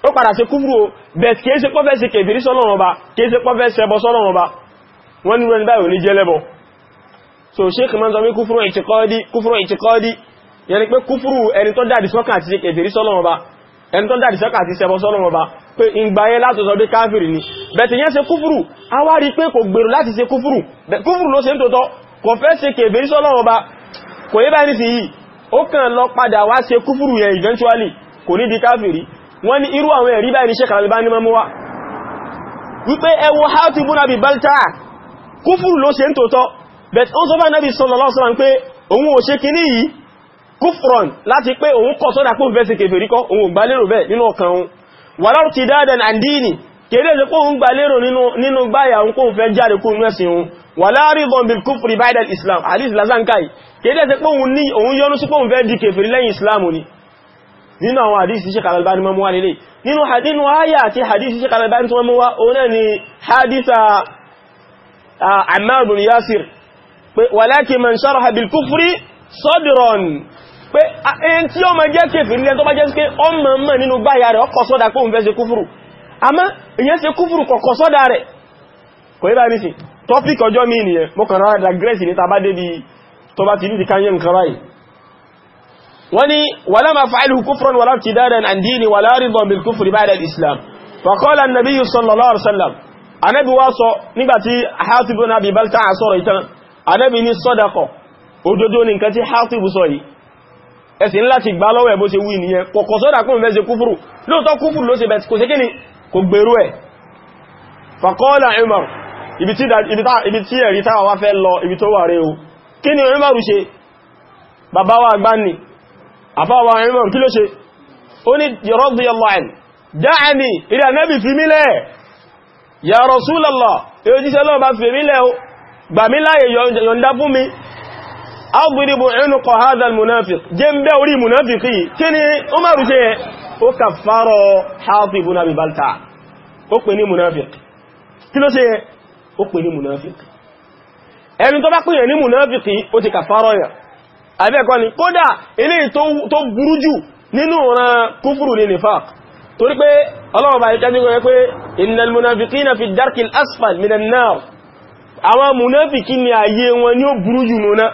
ó padà ṣe kúfúrù o bẹ̀t kéṣe pọ́fẹ́ ṣe kèfèrí sọ́nà ọba kéṣe so sheikh man sọ pé kúfúrù ìtìkọ́dí kúfúrù ìtìkọ́dí yẹni pé kúfúrù ẹni ẹni tó ń dàdì sọ́kà àti ṣẹbọ sọ́nà ọba pé ìgbàyẹ láti sọ bí káfìrì ni bẹ̀tì yẹn se kúfùrù a wá rí pé kò gbèrò láti ṣe kúfùrù kúfùrù ló ṣe ń tòótọ́ kò fẹ́ ṣe kèbèrí sọ́nà ọba kò yé báyìí sí yìí ó eventually kò di káfìrì wọ́n ní irú àwọn ẹ̀rí báyìí Sheikh Albani mọ́ wá wípé ẹwọ hátì bú nàbì balta kúfùrù ló ṣe ń tòótọ́ bẹ̀tì ó sọ bá nàbì sallallahu alaihi wasallam pé òun ò yìí kúfùrọ̀n láti pé òun kọ̀ sọ́dá pé òun fẹ́ sí kèfèrí kọ́ òun gbà lérò bẹ́ẹ̀ nínú ọkàn òun wà láwọ́ ti dáadáa àndíni kèrè sí pé òun gbà lérò nínú gbáyà òun kóhun fẹ́ jáde kó mẹ́sìn òun wà láàrí bọ̀mbil kúfùrí báidal islam alis lazankai kèrè sí pé òun ní òun yọnú sí pé òun fẹ́ di kèfèrí lẹ́yìn islam ni nínú àwọn hadisi pé ẹn tí ọmọ jẹ́ kèfèrí lẹ́n tó bá jẹ́ sí pé ọmọ mọ̀ nínú báyà rẹ̀ ọkọ̀ sọ́dá pé òun fẹ́ ṣe kúfùrù àmọ́ ìyẹn ṣe kúfùrù kọ̀kọ̀ sọ́dá rẹ̀ kò yíba ní sí tọ́pík ọjọ́ mi nìyẹn mo kàn rárá digress ní tàbá débi tó bá ti ní ti káyẹ nǹkan báyìí wọ́n ni wàlá ma fa'il kufran wàlá ti dáadan an dini wàlá ridon bil kufri ẹ̀sìn láti gbá lọ́wọ́ ẹ̀ bó ṣe wí nìyẹn kọ̀kọ̀ sọ́dá kún fẹ́ ṣe kúfùrù lóòtọ́ kúfùrù ló ṣe bẹ̀ kò ṣe kí ni kò gbèrú ẹ̀ fàkọ́ọ̀lá Umar ibi tí ẹ̀rí táwà wá fẹ́ lọ ibi tó wà rẹ̀ o kí ni Umar ṣe bàbá wa gbáni àbáwa Umar kí ló ṣe ó ní radiyallahu anhu da'ani ìrẹ́ anábì fi mílẹ̀ ya Rasulallah èyí jíṣẹ́ lọ́wọ́ bá fi mílẹ̀ o gbà mí láyè yọ̀ǹda fún mi agbìrìbò ẹnukọ̀ hadal munafik jẹ́ ń bẹ́ orí munafiki kí ni umaru ṣe ó kà fárọ hafi ibùn abi balta ó pè ní munafik kí ló ṣe ó pè ní munafik ẹni tó bá pè ní munafiki ó ti kà fárọ yà abẹ́ẹ̀kọ́ ni kódà ilé tó burú jù nínú ọ̀ràn kúfùrù ní nifaq torí pé ọlọ́wọ́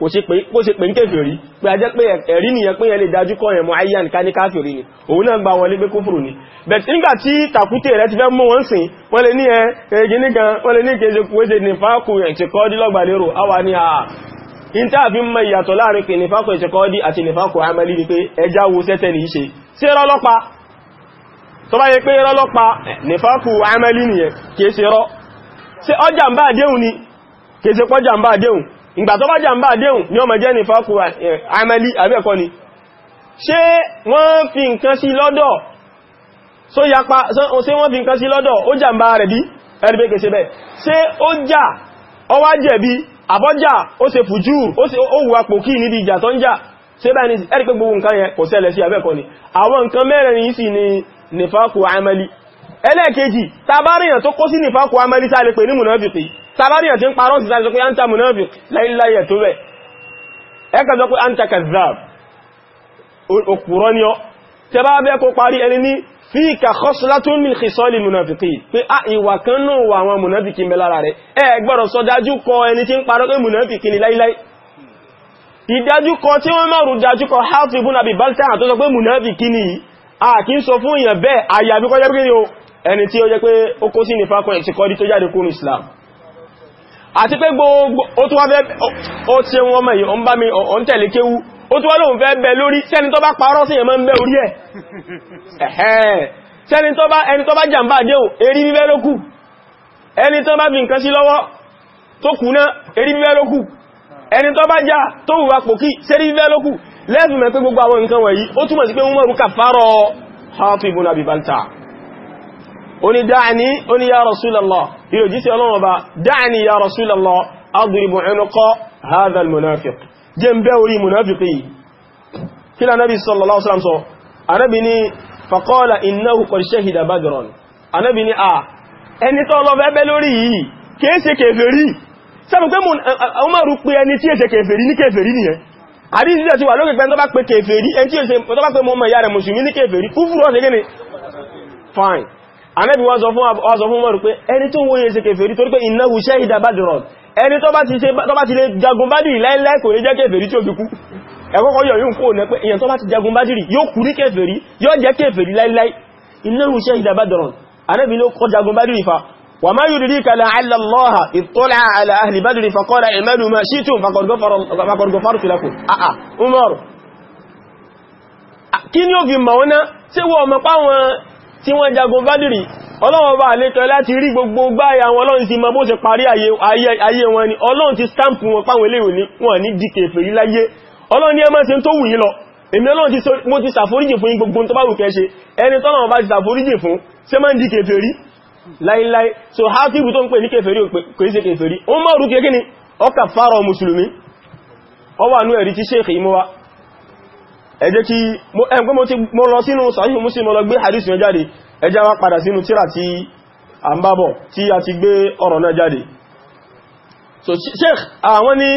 kò sí pé kò sí pé ń kèfèrí pé a jẹ́ pé ẹ̀rí nìyẹn pé yẹn lè kọ́ yẹn mọ̀ ká ní káfìrí ni òun náà gba wọlé pé kúfùrù ni bẹ̀t nígbà tí tàkútẹ̀ rẹ̀ ti fẹ́ mú wọn sìn wọ́n lè ní ẹ ẹgbẹ́ nìkan wọ́n lè ní kejì kúwéṣe ní fáàkù ẹ̀tìkọ́ dílọ́gbàlérò ni a in ta fi mọ ìyàtọ̀ láàrin pé nífàkù ìṣẹ́kọ́ọ́dí àti nífàkù amẹ́lì ni pé ẹjá wo sẹ́tẹ̀ ní ṣe sí ẹ̀rọ lọ́pa tó bá yẹ pé ẹ̀rọ lọ́pa nífàkù amẹ́lì ni kìí ṣe pọ́jà àdéhùn ìgbà tó bá jàmbá àdéhùn ní ọmọ jẹ́ ní fàkúrà àmàlì eh, àbẹ́ẹ̀kọ́ ni ṣé wọ́n fi nǹkan sí lọ́dọ̀ so yapa ṣé wọ́n fi nǹkan sí lọ́dọ̀ ó jàmbá rẹ̀ bí ẹ̀rẹ̀bẹ̀ kèsè bẹ̀ ṣé ó jà ó wá jẹ̀bi àbọ́jà ó ṣe fùjú ó wà pò kí ni àwọn ni nìfàkù àmàlì ẹlẹ́ẹ̀kejì tàbárìyàn tó kó sí nìfàkù àmàlì sáà lè pè tàbáríyàn tí ń parọ́ sí sáàjọ́ pé anta munafiq láìláyẹ̀ tó bẹ̀ ẹka sọ pé anta kazzab òkúrọ́ ni ọ tẹ bá bẹ́ kó parí ẹni ní fíkà khoslatun min khisali munafiqi pé a ìwà kan náà wà àwọn munafiki mẹ́ lára rẹ̀ ẹ gbọ́dọ̀ sọ dájú kọ ẹni tí ń parọ́ pé munafiki ni láìláì ìdájú kọ tí wọ́n mọ̀rù dájú kọ Hatib ibn Abi Balta'a tó sọ pé munafiki ni a kì í sọ fún èèyàn bẹ́ẹ̀ àyàbíkọ́ jẹ́ pé ẹni tí ó jẹ́ pé ó kó sí nífàkọ́ ìtìkọ́dí tó jáde kúrò Islam àti pé gbogbo ó tún wá fẹ́ ó tí ẹwọ́n ọmọ yìí ń mi ọ̀n tẹ̀lé kéwú ó tún wá lóun fẹ́ bẹ lórí sẹ́ni tó bá parọ́ sí ẹ̀mọ́ ń bẹ orí ẹ̀ sẹ́ni tó bá jàmbá erí bíbẹ́ ẹni tó bá fi nǹkan sí lọ́wọ́ tó ẹni tó bá já tó wùwà pòkí bíbẹ́ gbogbo àwọn nǹkan wọ̀nyí ó sí pé wọ́n oní dáàní oní ya rasulallah yóò jí sí ọlọ́wọ́ bá dáàní ya rasulallah adribu unuqa hadha almunafiq jẹ́ ń bẹ́ orí munafiki yìí kí la nabi sallallahu alaihi wasallam sọ anábi ni faqala innahu qad shahida badran anábi ni a ẹni tó lọ bẹ́ẹ̀ lórí yìí kìí ṣe kèfèrí sẹ́bù pé Umaru pé ẹni tí èṣe kèfèrí ní kèfèrí nìyẹn àdíjì tí wà lókè pẹ́ tó bá pé kèfèrí ẹni tí èṣe tó bá pé mọ́mọ̀ ìyá mùsùlùmí ní kèfèrí kúfùrú ọ̀sẹ̀ fine anẹ́bí wá sọ fún mọ́rù pé ẹni tó wóye ṣe kèfèrí torí pé innahu shahida badran ẹni tó bá ti lè jagun bádìrì láìláì kò ní jẹ́ kèfèrí tí ó fi kú ẹ̀kọ́kọ́ yọ yóò kó ní pé èyàn tó bá ti jagun bádìrì yóò kú ní kèfèrí yóò jẹ́ kèfèrí láìláì innahu shahida badran anẹ́bí ló kọ́ jagun bádìrì fa wa ma yudrika la'alla Allaha ittala'a ala ahli badri faqala i'malu ma shi'tum faqad ghafartu lakum tí wọ́n jagun bádìrì ọlọ́wọ́ bá àlétọ́ láti rí gbogbo gbáyà wọn ọlọ́run ti mọ bó ṣe parí ayé wọn ni ọlọ́run ti stamp wọn páwọn eléwò ní wọn ní dìkẹ̀ fèrí láyé ọlọ́run ní ẹmọ́ ṣe tó wù yí lọ èmi ọlọ́run mo ti ṣàforíjì fún gbogbo so hákìbù tó ń pè ní kèfèrí kò ṣe kèfèrí ó mọ́ rú kékíní ọkà fárọ mùsùlùmí ọwà ẹ jẹ́ kí ẹgbẹ́ mo ti mọ́ lọ sínú Sahih Muslim lọ gbé hadith yẹn jáde ẹ jẹ́ wá padà sínú tíra tí a tí a ti gbé ọ̀rọ̀ náà jáde so sheikh àwọn ni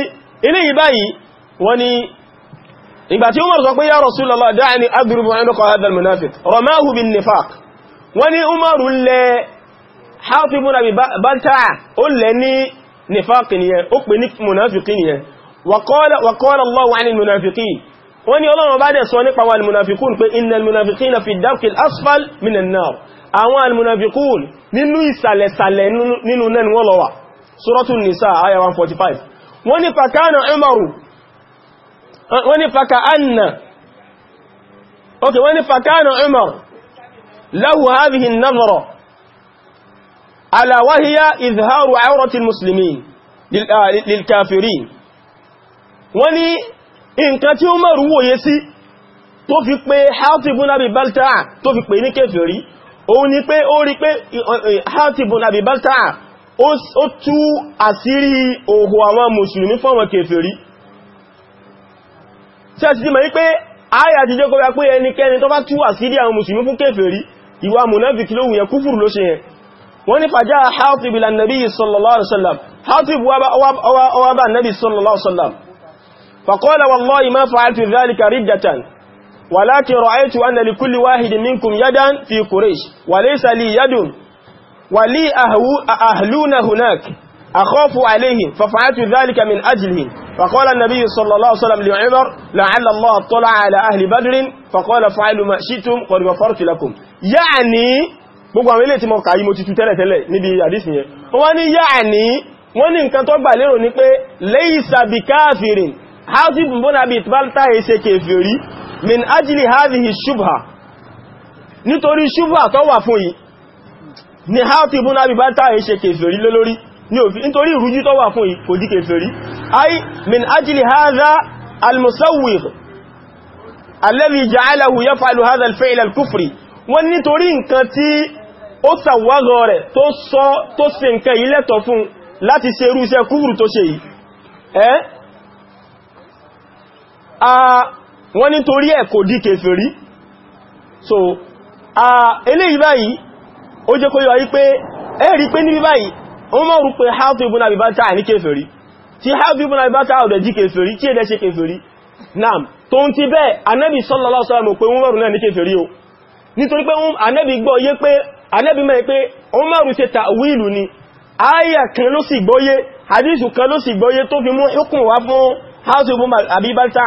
ilé ìbáyìí wọ́n ni ìgbà tí Umar sọ pé ya Rasulullah da'ani adribu 'unuqa hadha al-munafiq ramahu bin nifaq wọ́n ni Umar lẹ Hatib ibn Abi Balta'a ó lẹ ní nifaq nìyẹn ó wọ́n ní ọlọ́run bá dẹ̀ sọ nípa wa almunafikun pé inna almunafikina fi dákil asfal minan nar àwọn almunafikun nínú ìsàlẹ̀sàlẹ̀ nínú náà wọ́n lọ wà suratul nisa aya 145 wọ́n ní fakana umaru umar lahu hadhihi an-nazara ala nǹkan tí Umar wòye sí tó fi pé Hatibun Abi Balta'a tó fi pè ní kèfèrí òun ni pé ó rí pé Hatibun Abi Balta'a ó tú àṣírí òhò àwọn mùsùlùmí fọ́wọ́n kèfèrí tí a ti dìmọ̀ wípé ayà ti jẹ́ kọjá pé ẹnikẹ́ni tó bá tú àṣírí àwọn mùsùlùmí fún kèfèrí ìwà mùnáfìkì lóhun yẹn kúfùrù sallallahu alaihi wasallam Hatib sallallahu alaihi فقال والله ما فعلت ذلك ردة ولكن رأيت أن لكل واحد منكم يدا في قريش وليس لي يد ولي أهلون هناك أخاف عليهم ففعلت ذلك من أجلهم فقال النبي صلى الله عليه وسلم لعمر لعل الله اطلع على أهل بدر فقال فعلوا ما شئتم قد غفرت لكم يعني gbogbo àwọn ilé tí mọ̀ kàyí mo ti tú tẹ́lẹ̀tẹ́lẹ̀ níbi àdísì yẹn wọ́n ní yáà ní wọ́n ní nǹkan tó gbà lérò ní pé lẹ́yìn sàbíkáàfìrìn Hatib ibn Abi Balta ṣe e kèfèrí min ajli hadhihi shubha nítorí shubha tó wà fún yìí ni Hatib ibn Abi Balta ṣe e kèfèrí lé lórí nítorí ìrújú tó wà fún yìí kò di kèfèrí ay min ajli hadha al-musawwigh alladhi ja'alahu yaf'alu hadha al-fi'l al-kufri wọ́n nítorí nǹkan tí ó sàwágọ́ rẹ̀ tó sọ tó ṣe nǹkan ilẹ́tọ̀ fún láti ṣe irúṣẹ́ kúrù tó ṣe yìí wọ́n ní torí ẹ̀ kò di kèfèrí so eléyìí báyìí ó jẹ́ kó yọ wípé ẹ̀rí pé níbi báyìí wọ́n mọ́ rú pé Hatib ibn Abi Balta'a ní kèfèrí tí Hatib ibn Abi Balta'a ọ̀dẹ̀ jí kèfèrí tí èdè ṣe kèfèrí naam tó ń ti bẹ́ẹ̀ Ànábì sallallahu alaihi wasallam pé Umaru náà ní kèfèrí o nítorí pé Ànábì gbọ́ yé pé Ànábì mẹ́ pé Umaru ṣe ta'wilu ni áyà kan ló sì gbọ́yé hadithu kan house of àbí balta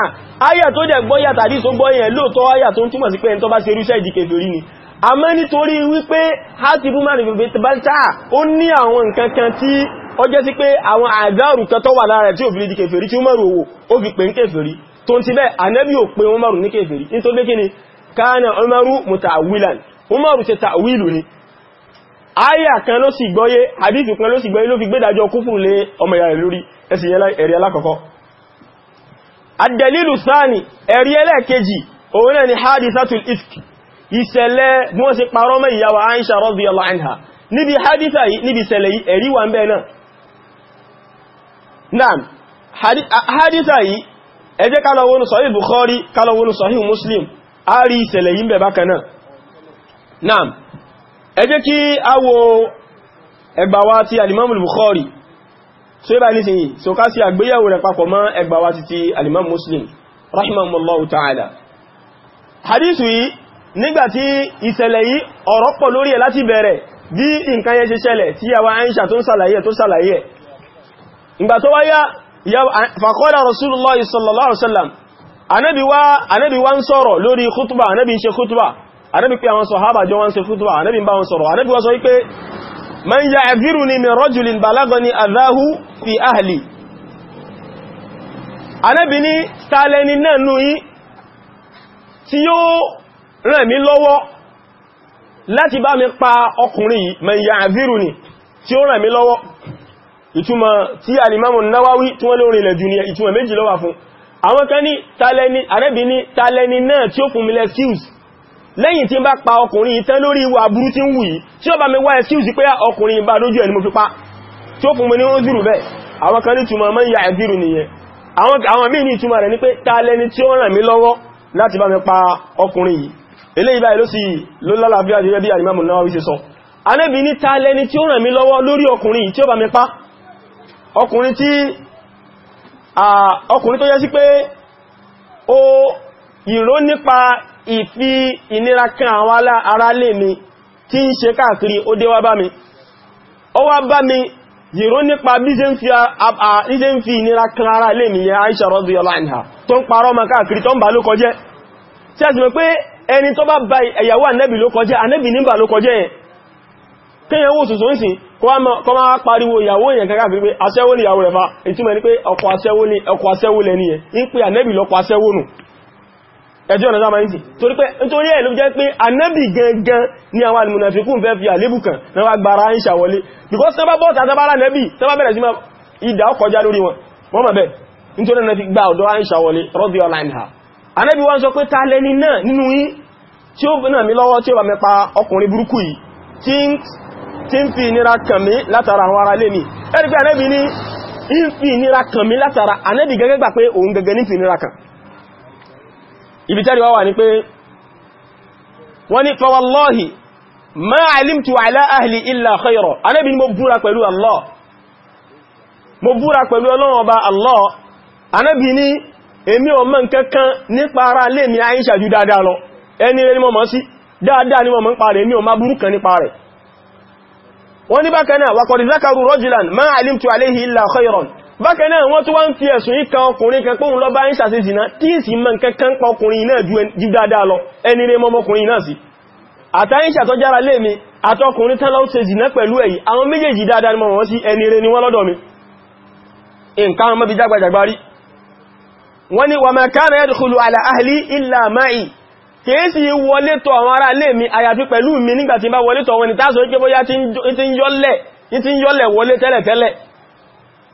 Aya tó dẹ̀ gbọ́yà tàbí tó gbọ́yà lóòtọ́ ayà tó ń túnmọ̀ sí pé ẹni tó bá ṣe irúṣẹ́ ìdíkẹ̀ torí ni a mẹ́ nítorí wípé house of balta ó ní àwọn nǹkan kan tí ó jẹ́ sí pé àwọn àdáàrù kan tó wà lára tí ò fi di kèfèrí tí ó mọ̀rù owó ó fi pè ń kèfèrí tó ti bẹ́ ànẹ́bí ò pé wọ́n mọ̀rù ní kèfèrí nítorí kí ni káàna Umaru mutawilan Umaru ṣe ta'wilu ni aya kan ló sì gbọ́yé hadith kan ló sì gbọ́yé ló fi gbé dájọ́ kúfùrù lé ọmọ ìyá lórí ẹ̀sìn ẹ̀rí alákọ̀ọ́kọ́ àdẹ̀lìlù sáàni ẹ̀rí ẹlẹ́ẹ̀kejì òun náà ni hadisatul ifk ìṣẹ̀lẹ̀ bí wọ́n ṣe parọ́ mọ́ ìyàwó Aisha radiyallahu anha níbi hadisa yìí níbi ìṣẹ̀lẹ̀ yìí ẹ̀rí wà ń bẹ náà naam hadisa yìí ẹ jẹ́ ká lọ wọnú sahih Bukhari ká lọ wọnú sahih Muslim a rí ìṣẹ̀lẹ̀ yìí ń bákan náà naam kí a ẹgbàwá ti alimamul Bukhari so yíba ní sin so ká sí àgbéyàwó rẹ̀ papọ̀ mọ́ ẹgbà wa títí alimam muslim rahimahullahu ta'ala hadithu yìí nígbàtí ìṣẹ̀lẹ̀ yìí ọ̀rọ̀ pọ̀ lórí ẹ̀ láti bẹ̀rẹ̀ bí nǹkan yẹn ṣe Aisha tó ń sàlàyé tó sàlàyé ìgbà rasulullah sallallahu alaihi wasallam anabi wa anabi khutba anabi khutba anabi pé àwọn sahaba jọ wọ́n ṣe khutba man ya'dhiruni min rajulin balaghani adhahu fi ahli Ànábì ní taleni nanu yi tí yó ràn mí lọ́wọ́ láti bá mi pa ọkùnrin yìí man ya'dhiruni tí ó ràn mí lọ́wọ́ ìtumọ̀ tí alimamu nawawi tí wọ́n lórin ilẹ̀ junior ìtumọ̀ méjì ló wà fún àwọn kan ní taleni náà tí ó fún mi lẹ́skíùsì lẹ́yìn tí ń bá pa ọkùnrin ìtẹ́ lórí ìwà aburú tí ń wù yìí tí ó bá mi wá ẹ̀síùsì pé ọkùnrin ìbá lójú ẹni mo fi pa tí ó fún mi ní ó dìrù bẹ́ẹ̀ àwọn kan ní túnmọ̀ mọ́ ìyà ẹ̀dìrù nìyẹn àwọn míì ní ìtumọ̀ ni ní pé ta lẹni tí ó ràn mí lọ́wọ́ láti bá mi pa ọkùnrin yìí eléyìí báyìí ló sì ló lálàáfíà pa ìfi ìnira kan àwọn ará lè mi tí ń ṣe káàkiri ó dé wá bá mi ó wá bá mi yìró nípa bí ṣe ń fi ìnira kan ará lè mi yẹn Aisha radiyallahu anha tó ń parọ́ ma káàkiri tó ń bà ló kọjẹ́ tí a sì mọ̀ pé ẹni tó bá ba ìyàwó ànẹ́bì ló kọjẹ́ ànẹ́bì ní bà ló kọjẹ́ yẹn kíyàn wò sùsùn ìsìn kọ́ máa pariwo ìyàwó yẹn kankan fi pé aṣẹ́wó ni ẹjọ́ ọ̀nà sáàmà ìsì torí pé nítorí ẹ̀ ló jẹ́ pé anábì gangan ni àwọn alìmùnàfikún fẹ́ fi àlébù kan na wá gbára ń ṣàwọlé because tẹ́bá bọ́ta tẹ́bá rà nẹ́bì tẹ́bá bẹ̀rẹ̀ sí ìdá ọkọjá lórí wọn wọ́n mọ̀ bẹ́ẹ̀ nítorí náà fi gba ọ̀dọ́ ń ṣàwọlé rọ́bì ọ̀lànà anábì wọ́n sọ pé ta lẹni náà nínú yín tí ó náà mi lọ́wọ́ tí ó bá mi pa ọkùnrin burúkú yìí tí ń fi ìnira kàn mí látara àwọn ará lé mi ẹni pé anábì ní ń fi òun gẹ́gẹ́ ní fi ìnira kàn ibi tẹ́rì wá wà ní pé wọ́n ní fawallahi ma alimtu ala ahli illa khayra anábi ni mo búra pẹ̀lú Allah mo búra pẹ̀lú ọlọ́run ọba Allah anábi ni èmi ò mọ̀ nǹkankan nípa ara lè mi Aisha jù dáadáa lọ ẹni rẹ̀ ni mo mọ̀ sí dáadáa ni mo mọ̀ ń rẹ̀ èmi ò má burú kan nípa rẹ̀ wọ́n ní bákanáà waqad zakaru rajulan ma alimtu alayhi illa khayran bákan náà wọ́n tó wá ń fi ẹ̀sùn ìkan ọkùnrin kan pọ́hùn lọ bá ń ṣàṣe jìnà tí sì mọ́ nǹkan kan pa ọkùnrin náà jù dáadáa lọ ẹni rẹ mọ́ ọkùnrin náà sí àtàyíṣà tó jára lé mi àtọkùnrin tán ni mọ́ wọ́n sí ẹni rẹ ni wọ́n lọ́dọ̀ mi nǹkan mọ́ ala ahli illa ma'i kèésì wọlé tọ̀ àwọn ará lé mi àyàfi pẹ̀lú mi nígbàtí bá wọlé tọ̀ wọn ni táàsọ̀ ìkébóyá tí ń yọ́lẹ̀ wọlé tẹ́lẹ̀tẹ́lẹ̀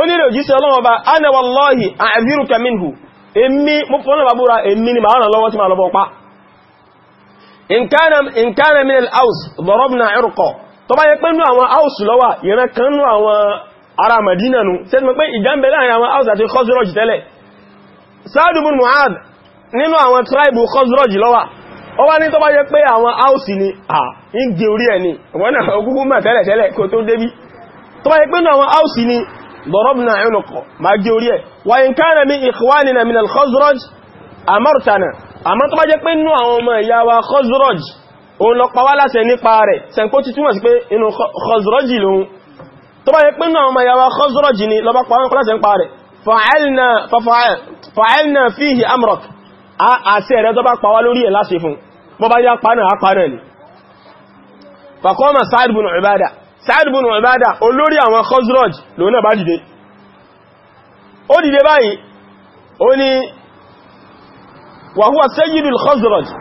onílò jíṣẹ́ ọlọ́wọ́ bá ana wallahi a'ziruka minhu èmi mú fọ́nà bá búra èmi ni màá ràn lọ́wọ́ tí màá lọ́bọ̀ pa in kana min al-aus darabna irqa tó bá yẹ pé nú àwọn aus lọ́wà ìran kan nú àwọn ará madina nú ṣe mọ̀ pé ìjàmbẹ̀ láàrin àwọn aus àti khosroj tẹ́lẹ̀ sáàdù bin mu'ad nínú àwọn tribe khosroj lọ́wà ó ní tó yẹ pé àwọn aus ni à ń gé orí ẹ̀ wọ́n náà ogúgú mà tẹ́lẹ̀ tẹ́lẹ̀ kò tó débí tó yẹ pé nú àwọn aus ni ضربنا عنقه ما جوريه وإن كان من إخواننا من الخزرج أمرتنا أما تبا جاك منه أوما يا وخزرج ونقوالا سنقاري سنكو تتوما سكي إنه خزرج لهم تبا جاك منه أوما يا وخزرج لبا قوالا سنقاري فعلنا, ففعل فعلنا فيه أمرك أسير تبا قوالا لي لا سيفون بابا جاك قانا أقانا لي فقام سعد بن عبادة Sa'ad ibn Ubadah olórí àwọn Khazraj lòun bá dìde ó dìde báyìí ó ní wa huwa sayyidul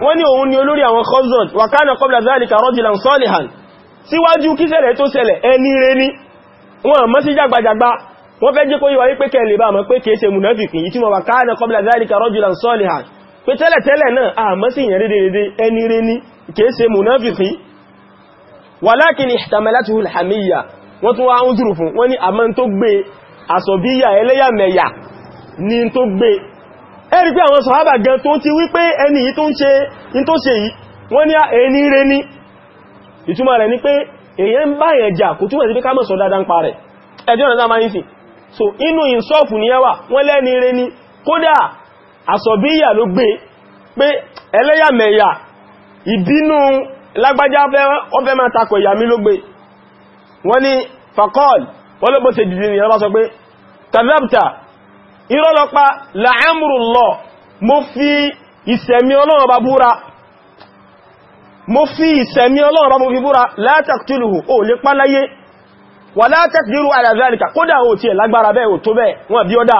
wọ́n ní òun ni olórí àwọn Khazraj wa kana qabla dhalika rajulan salihan síwájú kí ṣẹlẹ̀ tó ṣẹlẹ̀ ẹni rẹ̀ ni wọ́n mọ́ sí jàgbàjàgbà wọ́n fẹ́ jẹ́ kó yíwa wípé kẹ́lẹ̀ bá mọ̀ pé kìí ṣe munafiki yìí tí wọ́n wa kana qabla dhalika rajulan salihan pé tẹ́lẹ̀tẹ́lẹ̀ náà àmọ́ sí ìyẹn dédé ẹni rẹ̀ ni kìí ṣe munafiki walakin ihtamalatu alhamiyya wọ́n tún wá ń dúró fún wọ́n ní àmọ́ tó gbé àsọ̀bíyà ẹlẹ́yàmẹ̀yà ní tó gbé ẹ̀rí pé àwọn sọ̀hábà gan tó ti wípé ẹni yìí tó ń ṣe yìí tó ṣe yìí wọ́n ní ẹni rẹ ní ìtumọ̀ rẹ̀ ní pé èyàn ń báyàn jà ìbínú lágbájá wọ́n fẹ́ máa takò ìyà mi ló gbé wọ́n ní fakọ́ọ̀lù wọ́n ló bó ṣe dìdì nìyàn bá sọ pé kazabta ìrọ́lọ́pá la'amrullah mo fi ìsẹ̀mí ọlọ́run búra mo fi ìsẹ̀mí ọlọ́run bá la taqtuluhu ó lè páláyé wà la ala dhalika kódà ó tiẹ̀ lágbára bẹ́ẹ̀ ò tó bẹ́ẹ̀ wọ́n bí ọ́dá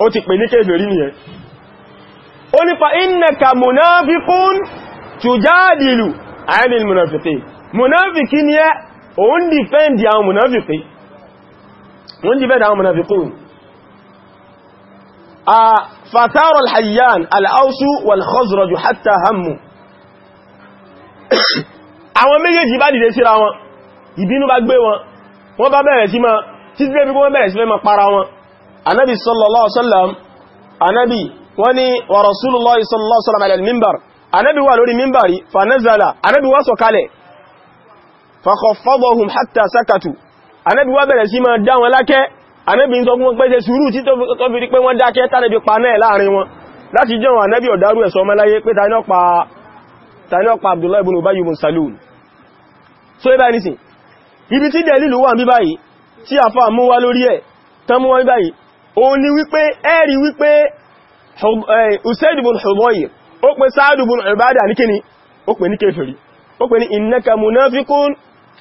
ó ti pè ní kèfèrí nìyẹn ó nípa innaka munafiqun tujadilu anil munafiqin munafiki ni ẹ́ òun dìfẹ́ndì àwọn munafiki wọ́n dìfẹ́ndì àwọn munafiqun a fatara alhayyan al'ausu walkhazraju hatta hammu àwọn méjèèjì bá dìde síra wọn ìbínú bá gbé wọn wọ́n bá bẹ̀rẹ̀ sí ma títí débi wọ́n bẹ̀rẹ̀ sí fẹ́ ma para wọn anábi sallallahu alaihi wasallam anábi wọ́n ni wa rasulullahi sallallahu alaihi wasallam ala al-mimbar anábi wà lórí mimbari fa nazala anábi wá sọ̀kalẹ̀ fa khaffadahum hatta sakatu anábi wá bẹ̀rẹ̀ sí máa dá wọn lákẹ́ anábi ń sọ fún wọn pé ṣe sùúrù tí tó fi rí pé wọ́n dákẹ́ tánàbí pa náà láàrin wọn láti jẹ́ wọn anábi ọ̀dárú ẹ̀sọ́ ọmọláyé pé tani ọpa abdullahi ibn ubayy ibn salul so ibá nísìn ibi tí dẹ̀lìlú wà ń bí báyìí tí àfà mú wá lórí ẹ̀ tán mú wá bí ó ní wípé ẹ̀rí wípé Usaid ibn Hudayr ó pè Sa'd ibn Ubadah ní kíni ó pè ní kèfèrí ó pè ní innaka munafiqun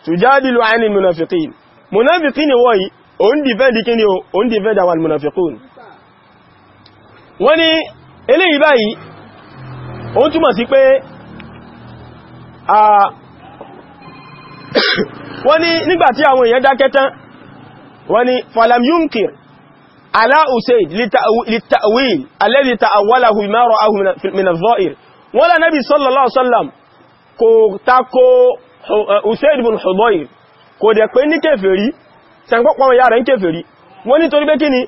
tujadilu 'anil munafiqin munafiqin wọ́ yìí ó ń dìfẹ́ndì kíni ó ń dìfẹ́ndì àwọn munafiqun falam yunkir ala usaid litawil alladhi ta'awwalahu ma ra'ahu min adh-dha'ir wala nabi sallallahu alaihi wasallam kò tako eh, usaid ibn hudayr kò dẹ̀ pé ní kèfèrí ṣe pọ̀ pọ̀ yára ń kèfèrí wọ́n nítorí pé kí ni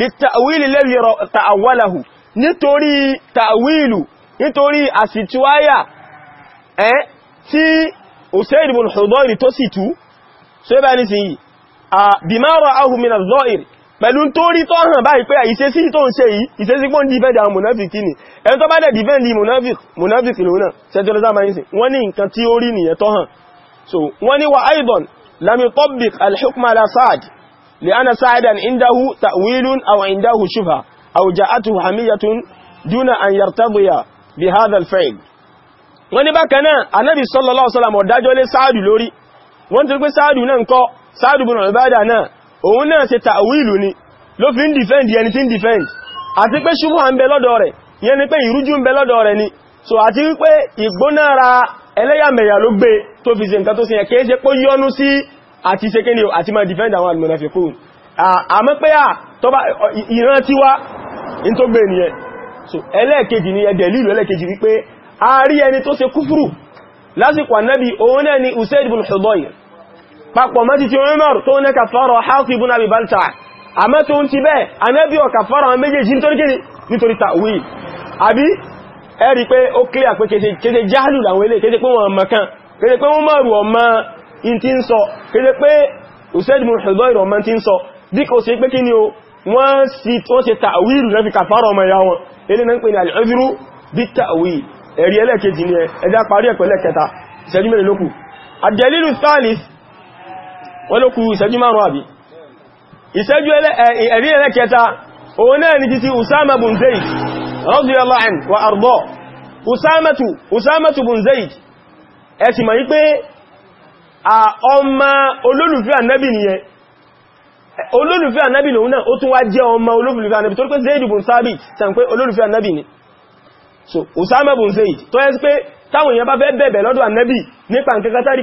litawil alladhi ta'awwalahu nítorí tawilu nítorí àsìtíwáyà ẹ́ eh, tí usaid ibn hudayr tó sì tú pẹ̀lú tó rí tó hàn báyìí pé ìṣesí tó ń ṣe yìí ìṣesí pọ́n di ìfẹ́dà mùnáfíkì ni ẹni tó bá dẹ̀ di fẹ́ndì mùnáfíkì lónà ṣẹjọ́ wọ́n so wọ́n ní wa aidan lam yutabbiq al-hukma ala Sa'd li'anna Sa'dan indahu ta'wilun aw indahu shubha aw ja'atuhu hamiyatun duna an yartadiya bi hadha al-fi'l wọ́n ní bákan náà anábì sallallahu alaihi wasallam ọ̀dájọ́ lé Sa'd lórí wọ́n ti rí pé Sa'd náà ń kọ́ Sa'd ibn Ubadah náà òun náà ṣe tàwílù ni ló fi ń defend ẹni tí ń defend àti pé ṣubúhà ń bẹ lọ́dọ̀ rẹ̀ yẹn ni pé ìrújú ń bẹ lọ́dọ̀ rẹ̀ ni so àti wípé ìgbónára ẹlẹ́yàmẹ̀yà ló gbé tó fi ṣe nǹkan tó ṣe yẹn kìí ṣe pé yọnu sí àti ṣe kéni àti máa defend so ẹlẹ́ẹ̀kejì ni ẹ̀dẹ̀ lílù ẹlẹ́ẹ̀kejì wípé a rí ẹni tó ṣe kúfùrù lásìkò ni usaid bin papọ̀ mọ́ títí Umar tó ní kàfàrọ̀ Hatib ibn Abi Balta'a àmọ́ tó ń ti bẹ́ẹ̀ anẹ́bí ọ kàfàrọ̀ àwọn méjèèjì nítorí kí nítorí tàwí àbí ẹ̀rí pé ó clear pé kéde jáàlù làwọn ilé kéde pé wọn mọ̀ kan kéde pé wọ́n mọ̀rù ọmọ in ti ń sọ kéde pé Usaid ibn Hudayr ọmọ ti ń sọ bí kò sí ilé ẹ̀rí ẹlẹ́kejì ni ẹjá parí ẹ̀pẹ̀lẹ́kẹta ìṣẹ́jú mẹ́rin lókù ad thalith wọ́n ló kú ìṣẹ́jú márùn-ún àbí ìṣẹ́jú ẹ̀rí ẹlẹ́kẹta òun náà ni títí usama bin zaid radiyallahu anhu wa arda usamatu usamatu bin zaid ẹ sì mọ̀ wípé a ọmọ olólùfẹ́ ànábì nìyẹn olólùfẹ́ ànábì lòun náà ó tún wá jẹ́ ọmọ olólùfẹ́ ànábì tó pé pé olólùfẹ́ bin zaid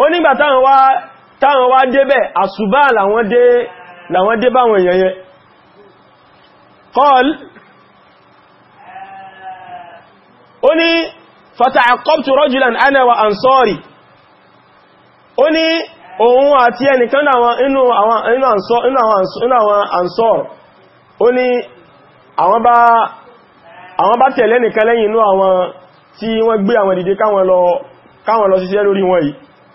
ó nígbà táwọn wá débẹ̀ àṣùbá làwọn dé báwọn èèyàn yẹn kọ́ọ̀l ó ní fata'aqabtu rajulan ana wa ansari ó ní òun àti ẹnìkan inú àwọn ansọ́r ó ní àwọn bá tẹ̀lé nìkan lẹ́yìn inú àwọn tí wọ́n gbé àwọn dìde káwọn lọ ṣiṣẹ́ lórí wọn yìí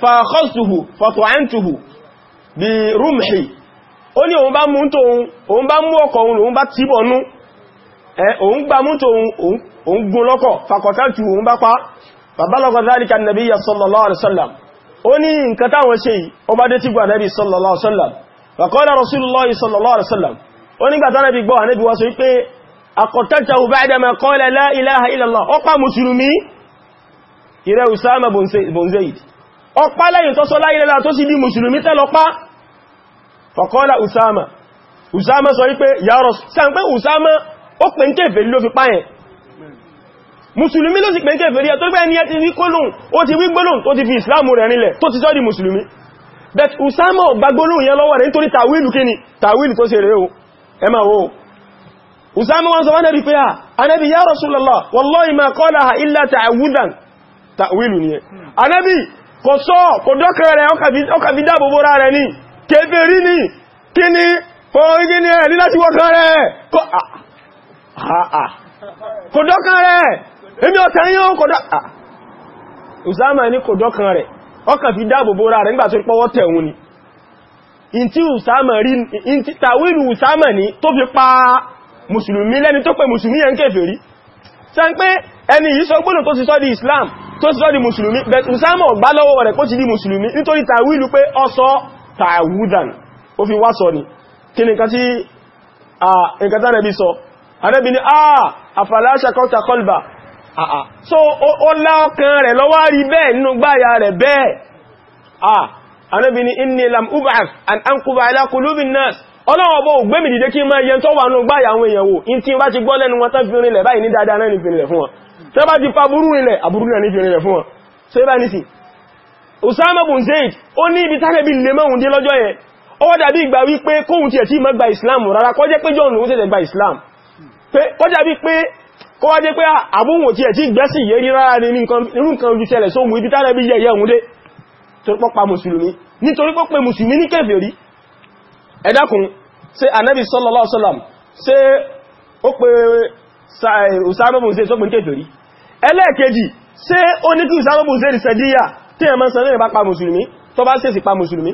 fàákọ́sùhù fàtọ̀ẹ́ntùhù bí rúmhì ó ní òun bá mú tóun òun bá mú ọkọ̀ òun lòun bá tíbọ̀ nú òun gbá mú tóun òun gún lọ́kọ̀ fàkọ̀tàtù òun bá pa bàbálọ́gọ̀ zálika nàbí yà sallallahu alaihi wasallam ó ní nǹkan táwọn ṣe ó bá dé tí gbà nàbí sallallahu alaihi wasallam fàkọ́lá rasulullah sallallahu ìrẹ́ Usama bin Zaid ọpá lẹ́yìn tọ́sọ láìlẹ́lá tó sì di mùsùlùmí tẹ́lọpá fọ̀kọ́lá Usama Usama sọ wípé yàrọ̀ sàn pé Usama ó pè ń kèfèrí ló fi páyẹ̀ mùsùlùmí ló sì pè ń kèfèrí ẹ̀ tó gbẹ́ ẹni ẹ ti wí kólùn ó ti wí gbólùn tó ti fi ìsìláàmù rẹ̀ rinlẹ̀ tó ti sọ́ di mùsùlùmí bet Usama ò gba gbólùn yẹn lọ́wọ́ rẹ̀ nítorí tàwílù kíni tàwílù tó ṣe rẹ̀ o ẹ máa wo wọ́n nẹ́bi pé ah, à anẹ́bi ya Rasulullah tàwílù ni ẹ hmm. anábì kò sọ kò dọ́kẹ̀ rẹ̀ fi dáàbòbò rà rẹ̀ ní kéfẹ́ rí ní kí ni orígi ni láti wọ́kàn rẹ̀ kò dọ́kàn rẹ̀ èmi ọ̀tẹ̀ yíò kò dọ́kàn Usama kò dọ́kàn rẹ̀ ni fi ẹni yìí sọ sọ di Islam tó ti sọ́ di musulmi but Usama gbá lọ́wọ́ rẹ̀ kó ti di musulmi nítorí tàwílù pé ọsọ tàwúdàn ó fi wá sọ ni kí ni nǹkan tánà sọ anẹ́bí ni ah afàláṣà kọ́ta kọlbà ah so ó láọkàn rẹ̀ lọ́wọ́ rí bẹ́ẹ̀ nínú ah anẹ́bí ni inni lam ub'ath an anquba ala qulubin nas ọlọ́wọ́ bó gbẹ́mìdìdé kí máa yẹn tó wà nínú gbáyà àwọn èèyàn wò in tí wá ti gbọ́ lẹ́nu wọn tán fi rinlẹ̀ báyìí ní dáadáa náà ní fi rinlẹ̀ fún wọn tẹ́ bá ti fa burú rinlẹ̀ àbúrú náà ní fi rinlẹ̀ fún wọn so ibá ní sí Usama bin Zaid ó ní ibi tánẹ̀ bí lè mọ́hun dé lọ́jọ́ yẹn ó wọ́n dàbí ìgbà wípé kóhun ti ẹ̀tí mọ́gba Islam rárá kọ́ jẹ́ John ló tẹ́tẹ̀ Islam kọ́ jẹ́ wípé kọ́ wá jẹ́ pé àbúhùn ti ẹ̀tí gbẹ́sì yẹ rí rárá ní irú nǹkan ojú tẹ́lẹ̀ sóhun ibi tánẹ̀ bí yẹ̀yẹ̀ òun dé torí sallallahu alaihi wasallam ṣé ó pe Usama bin Zaid sọ ẹlẹ́ẹ̀kejì ṣé ó ní kí ìsáàbù zai sẹ́díyà tí ẹ̀mọ́ sọ lẹ́yìn bá pa mùsùlùmí tó bá sẹ́sì pa mùsùlùmí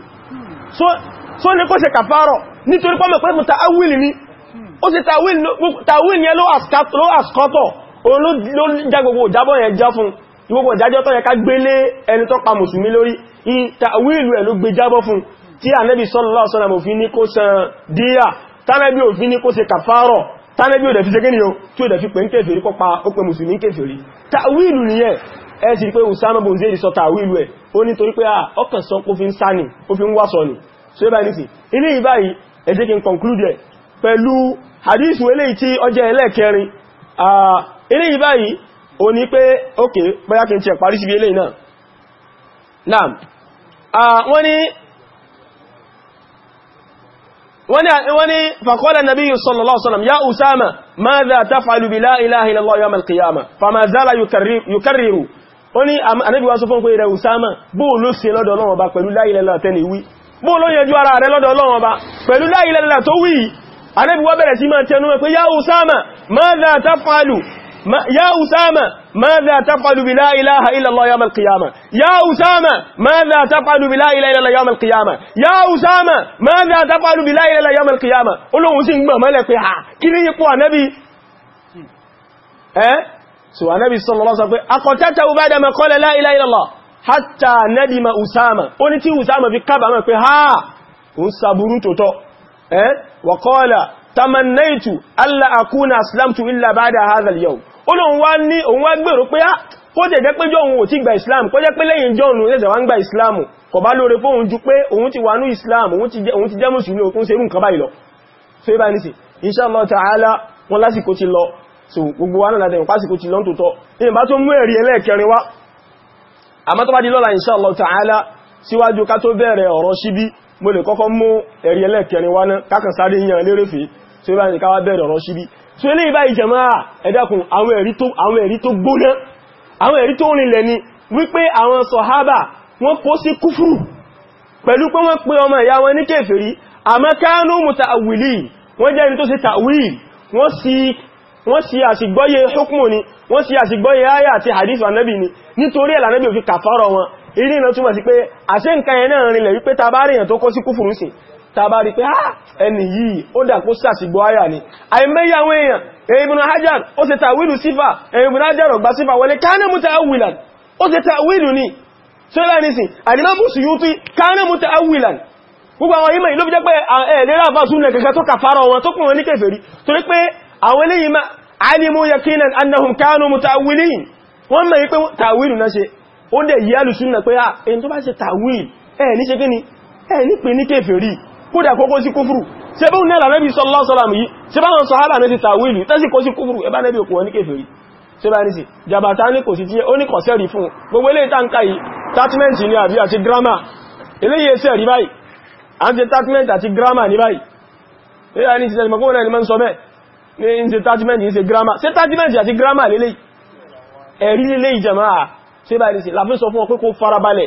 so ní kó ṣe kàfàrọ̀ nítorí pọ́mọ̀ pé mú ta'awil ní ó sì ta'awil yẹn ló àskọ́tọ̀ ló já gbogbo ìjábọ̀ yẹn já fún gbogbo ìjájọ́ tó yẹ ká gbélé ẹni tó pa mùsùlùmí lórí ta'awil ẹ̀ ló gbé jábọ̀ fún tí ànẹ́bì sallallahu alaihi wasallam òfin ní kó san díyà tánẹ́bì òfin ní kó ṣe kàfàrọ̀ tánẹ́bì ò dẹ̀ fi ṣe gẹ́ni o tí ò dẹ̀ fi pẹ̀ ń kéfèrí kọ́pa ó pẹ mùsùlùmí kéfèrí tàwílù nìyẹn ẹ sì pé Usama bin Zaid sọ tàwílù ẹ̀ ó ní torí pé à ah, ọkàn sọ kó fi ń sáni ó fi ń wásọ ni so ẹ báyìí nìsí ilé ìbáyìí ẹ jẹ́ kí n conclude ẹ̀ pẹ̀lú hadith eléyìí tí ó ẹlẹ́ẹ̀kẹrin wani fakola nabi sallallahu ala'uwa ya usama ma za ta falu bi la'ilaha ilallah yawon alkiyama fama zala yukarriru wani anabi wasu fún kò ìrẹ̀ usama bó ló ṣe lọ́dọ̀ Ọlọ́run Ọba pẹ̀lú láìlẹ́lẹ́ tẹ́ni wí bó يا أسامة ماذا تفعل بلا إله إلا الله يوم القيامة يا أسامة ماذا تفعل بلا إله إلا الله يوم القيامة يا أسامة ماذا تفعل بلا إله إلا الله يوم القيامة قل له أسين ما ملقها كيف يقوى نبي ها إيه؟ سوى نبي صلى الله عليه وسلم أقتته بعد ما قال لا إله إلا الله حتى ندم أسامة ونتي أسامة في كبه ما قلها ونصبرون توتو ها إيه؟ وقال تمنيت ألا أكون أسلمت إلا بعد هذا اليوم olóhun wá ní òun wá gbèrò pé á ah, kó jẹ́ jẹ́ pé jọ ò tí gba islam kó jẹ́ pé lẹ́yìn jọ òun lẹ́sẹ̀ wá ń gba islam kò bá lóore fóhun ju pé òun ti wà ní islam òun ti jẹ́ mùsùlùmí òkun ṣe nǹkan báyìí lọ so ibá ní ta'ala wọn lásìkò ti lọ so gbogbo wa náà láti pásìkò ti lọ tòótọ́ ìyẹn bá tó mú ẹ̀rí ẹlẹ́ẹ̀kẹrin wá àmọ́ tó bá ta'ala síwájú ká tó bẹ̀rẹ̀ ọ̀rọ̀ síbí mo lè kọ́kọ́ mú ẹ̀rí ẹlẹ́ẹ̀kẹrin wá náà kákan so ibá ní ká wá so ilé ìbá ìjẹmáà ẹ̀dàkùn àwọn ẹ̀rí tó gbóná àwọn ẹ̀rí tó rinlẹ̀ ni wípé àwọn sọ̀hábà wọ́n kó sí kúfùrù pẹ̀lú pé wọ́n pé ọmọ ìyá wọn ní kèfèrí àmọ́ kánú muta'awwili wọ́n jẹ́ ẹni tó ṣe ta'wil wọ́n hadith ànábì ni nítorí ẹ̀là ànábì òfin kàfàrọ̀ wọn ilé ìnà túnmọ̀ sí pé àṣẹ nǹkan ẹ̀ náà rinlẹ̀ tàbá rí pé ah, ẹni yìí ó dà kó sàṣìgbọ́ ayà ni àìmẹ́yà àwọn èèyàn Ibn Hajar ó ṣe tàwílù sífà Ibn Hajar ọgbà sífà wọlé káánà muta'awwilan ó ṣe tàwílù ní tí ó láàrin sí Al-Imam Suyuti káánà muta'awwilan gbogbo àwọn ìmọ̀ ìlú jẹ́ pé ẹ̀lẹ́rẹ́ àbásúnlẹ̀ kẹkẹ tó kàfàrà wọn tó kún wọn ní kèfèrí torí pé àwọn eléyìí ma alimu yaqinan annahum kanu muta'awwilin wọ́n mẹ́ pé tàwílù náà ṣe ó dẹ̀ yí alùsúnnà pé à ah, ẹni tó bá ṣe tàwílù ẹ̀ ní ṣe kí ni ẹ̀ ní pè ní kèfèrí kódà kókó sí kúfùrù ṣe bóun náà lànàbí sallallahu alaihi wasallam yìí ṣe bá wọn sàhábà ní ti tàwílì tẹ́sí kó sí kúfùrù ẹbá nẹ́bí òkú wọn ní kèfèrí ṣe bá ní sí jàbàtà ní kò sí tí ó ní kọ̀sẹ́rì fún gbogbo ilé ìtànkà yìí tátmẹ́ntì ni àbí àti gírámà eléyìí ẹsẹ̀ rí báyìí àti ni mọ́ ń sọ bẹ́ẹ̀ ní ìsẹ̀ tátmẹ́ntì ìsẹ̀ gírámà ṣe tátmẹ́ntì àti gírámà lélẹ̀ ẹ̀rí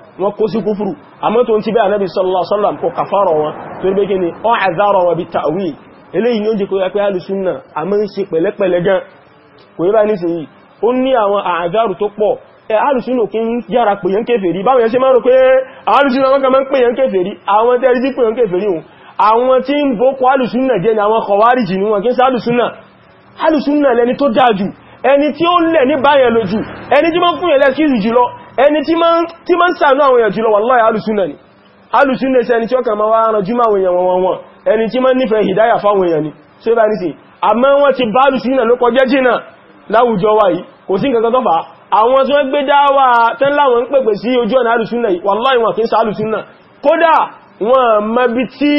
wọ́n kó sí kúfùrù àmọ́ tó ń ti bẹ́ ànábì sallallahu kò kàfàrọ̀ wọn tó rí bẹ́gẹ́ ni ọ́ àzárọ̀ wọn bí tàwí eléyìí yóò jẹ́ kó yẹ́pẹ́ alùsúnnà àmọ́ ń ṣe pẹ̀lẹ́pẹ̀lẹ́ gan kò yẹ́ bá ní sìn yìí ó ní àwọn àzárù tó pọ̀ ẹ alùsúnnà kí ń yára pè yán kèfèrí báwọn yẹn ṣe máa rò pé alùsúnnà wọn kàn máa ń pè yán kèfèrí àwọn tẹ́rí sí pè ẹni tí ma ń sànú àwọn èèyàn jùlọ wallahi alùsúnà ni alùsúnà ṣe ẹni tí ó kàn máa wá ránjú máa wèèyàn wọn wọn ẹni tí ma ń nífẹ̀ẹ́ hìdáyà fáwọn èèyàn ni ṣe bá ní sí àmọ́ wọ́n ti bá alùsúnà ló kọjẹ́ jìnà láwùjọ wa yìí kò sí nǹkan tọ́fà àwọn tí sa alùsúnà kódà wọn mẹ́bi tí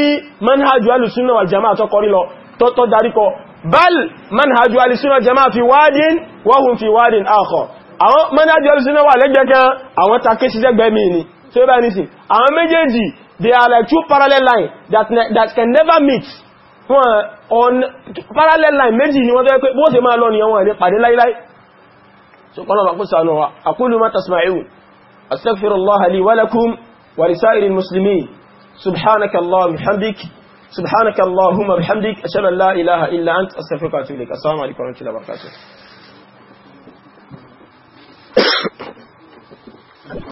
manhajjú alùsúnà wal jama'a tọ́kọrí lọ tọ́tọ́ daríkọ bal manhajjú alùsúnà jama'a fi wádìn wahum fi àwọn mẹ́nájì alùsùn náà wà lẹ́gbẹ̀ẹ́ kan àwọn takí síjẹ́gbẹ́ mi ni so yóò bá ní sí àwọn méjèèjì they are like two parallel line that, that can never meet wọn on parallel line méjì ni wọ́n tẹ́ pé bó ṣe máa lọ nìyàn wọn ní pàdé láíláí so kọ́nà bá kó sànú wa aqulu ma tasma'un astaghfirullaha li wa lakum wa lisairil muslimin subhanaka allahumma bihamdik subhanaka allahumma bihamdik ashhadu an la ilaha illa anta astaghfiruka wa atubu ilaik assalamu alaikum wa rahmatullahi wa barakatuh you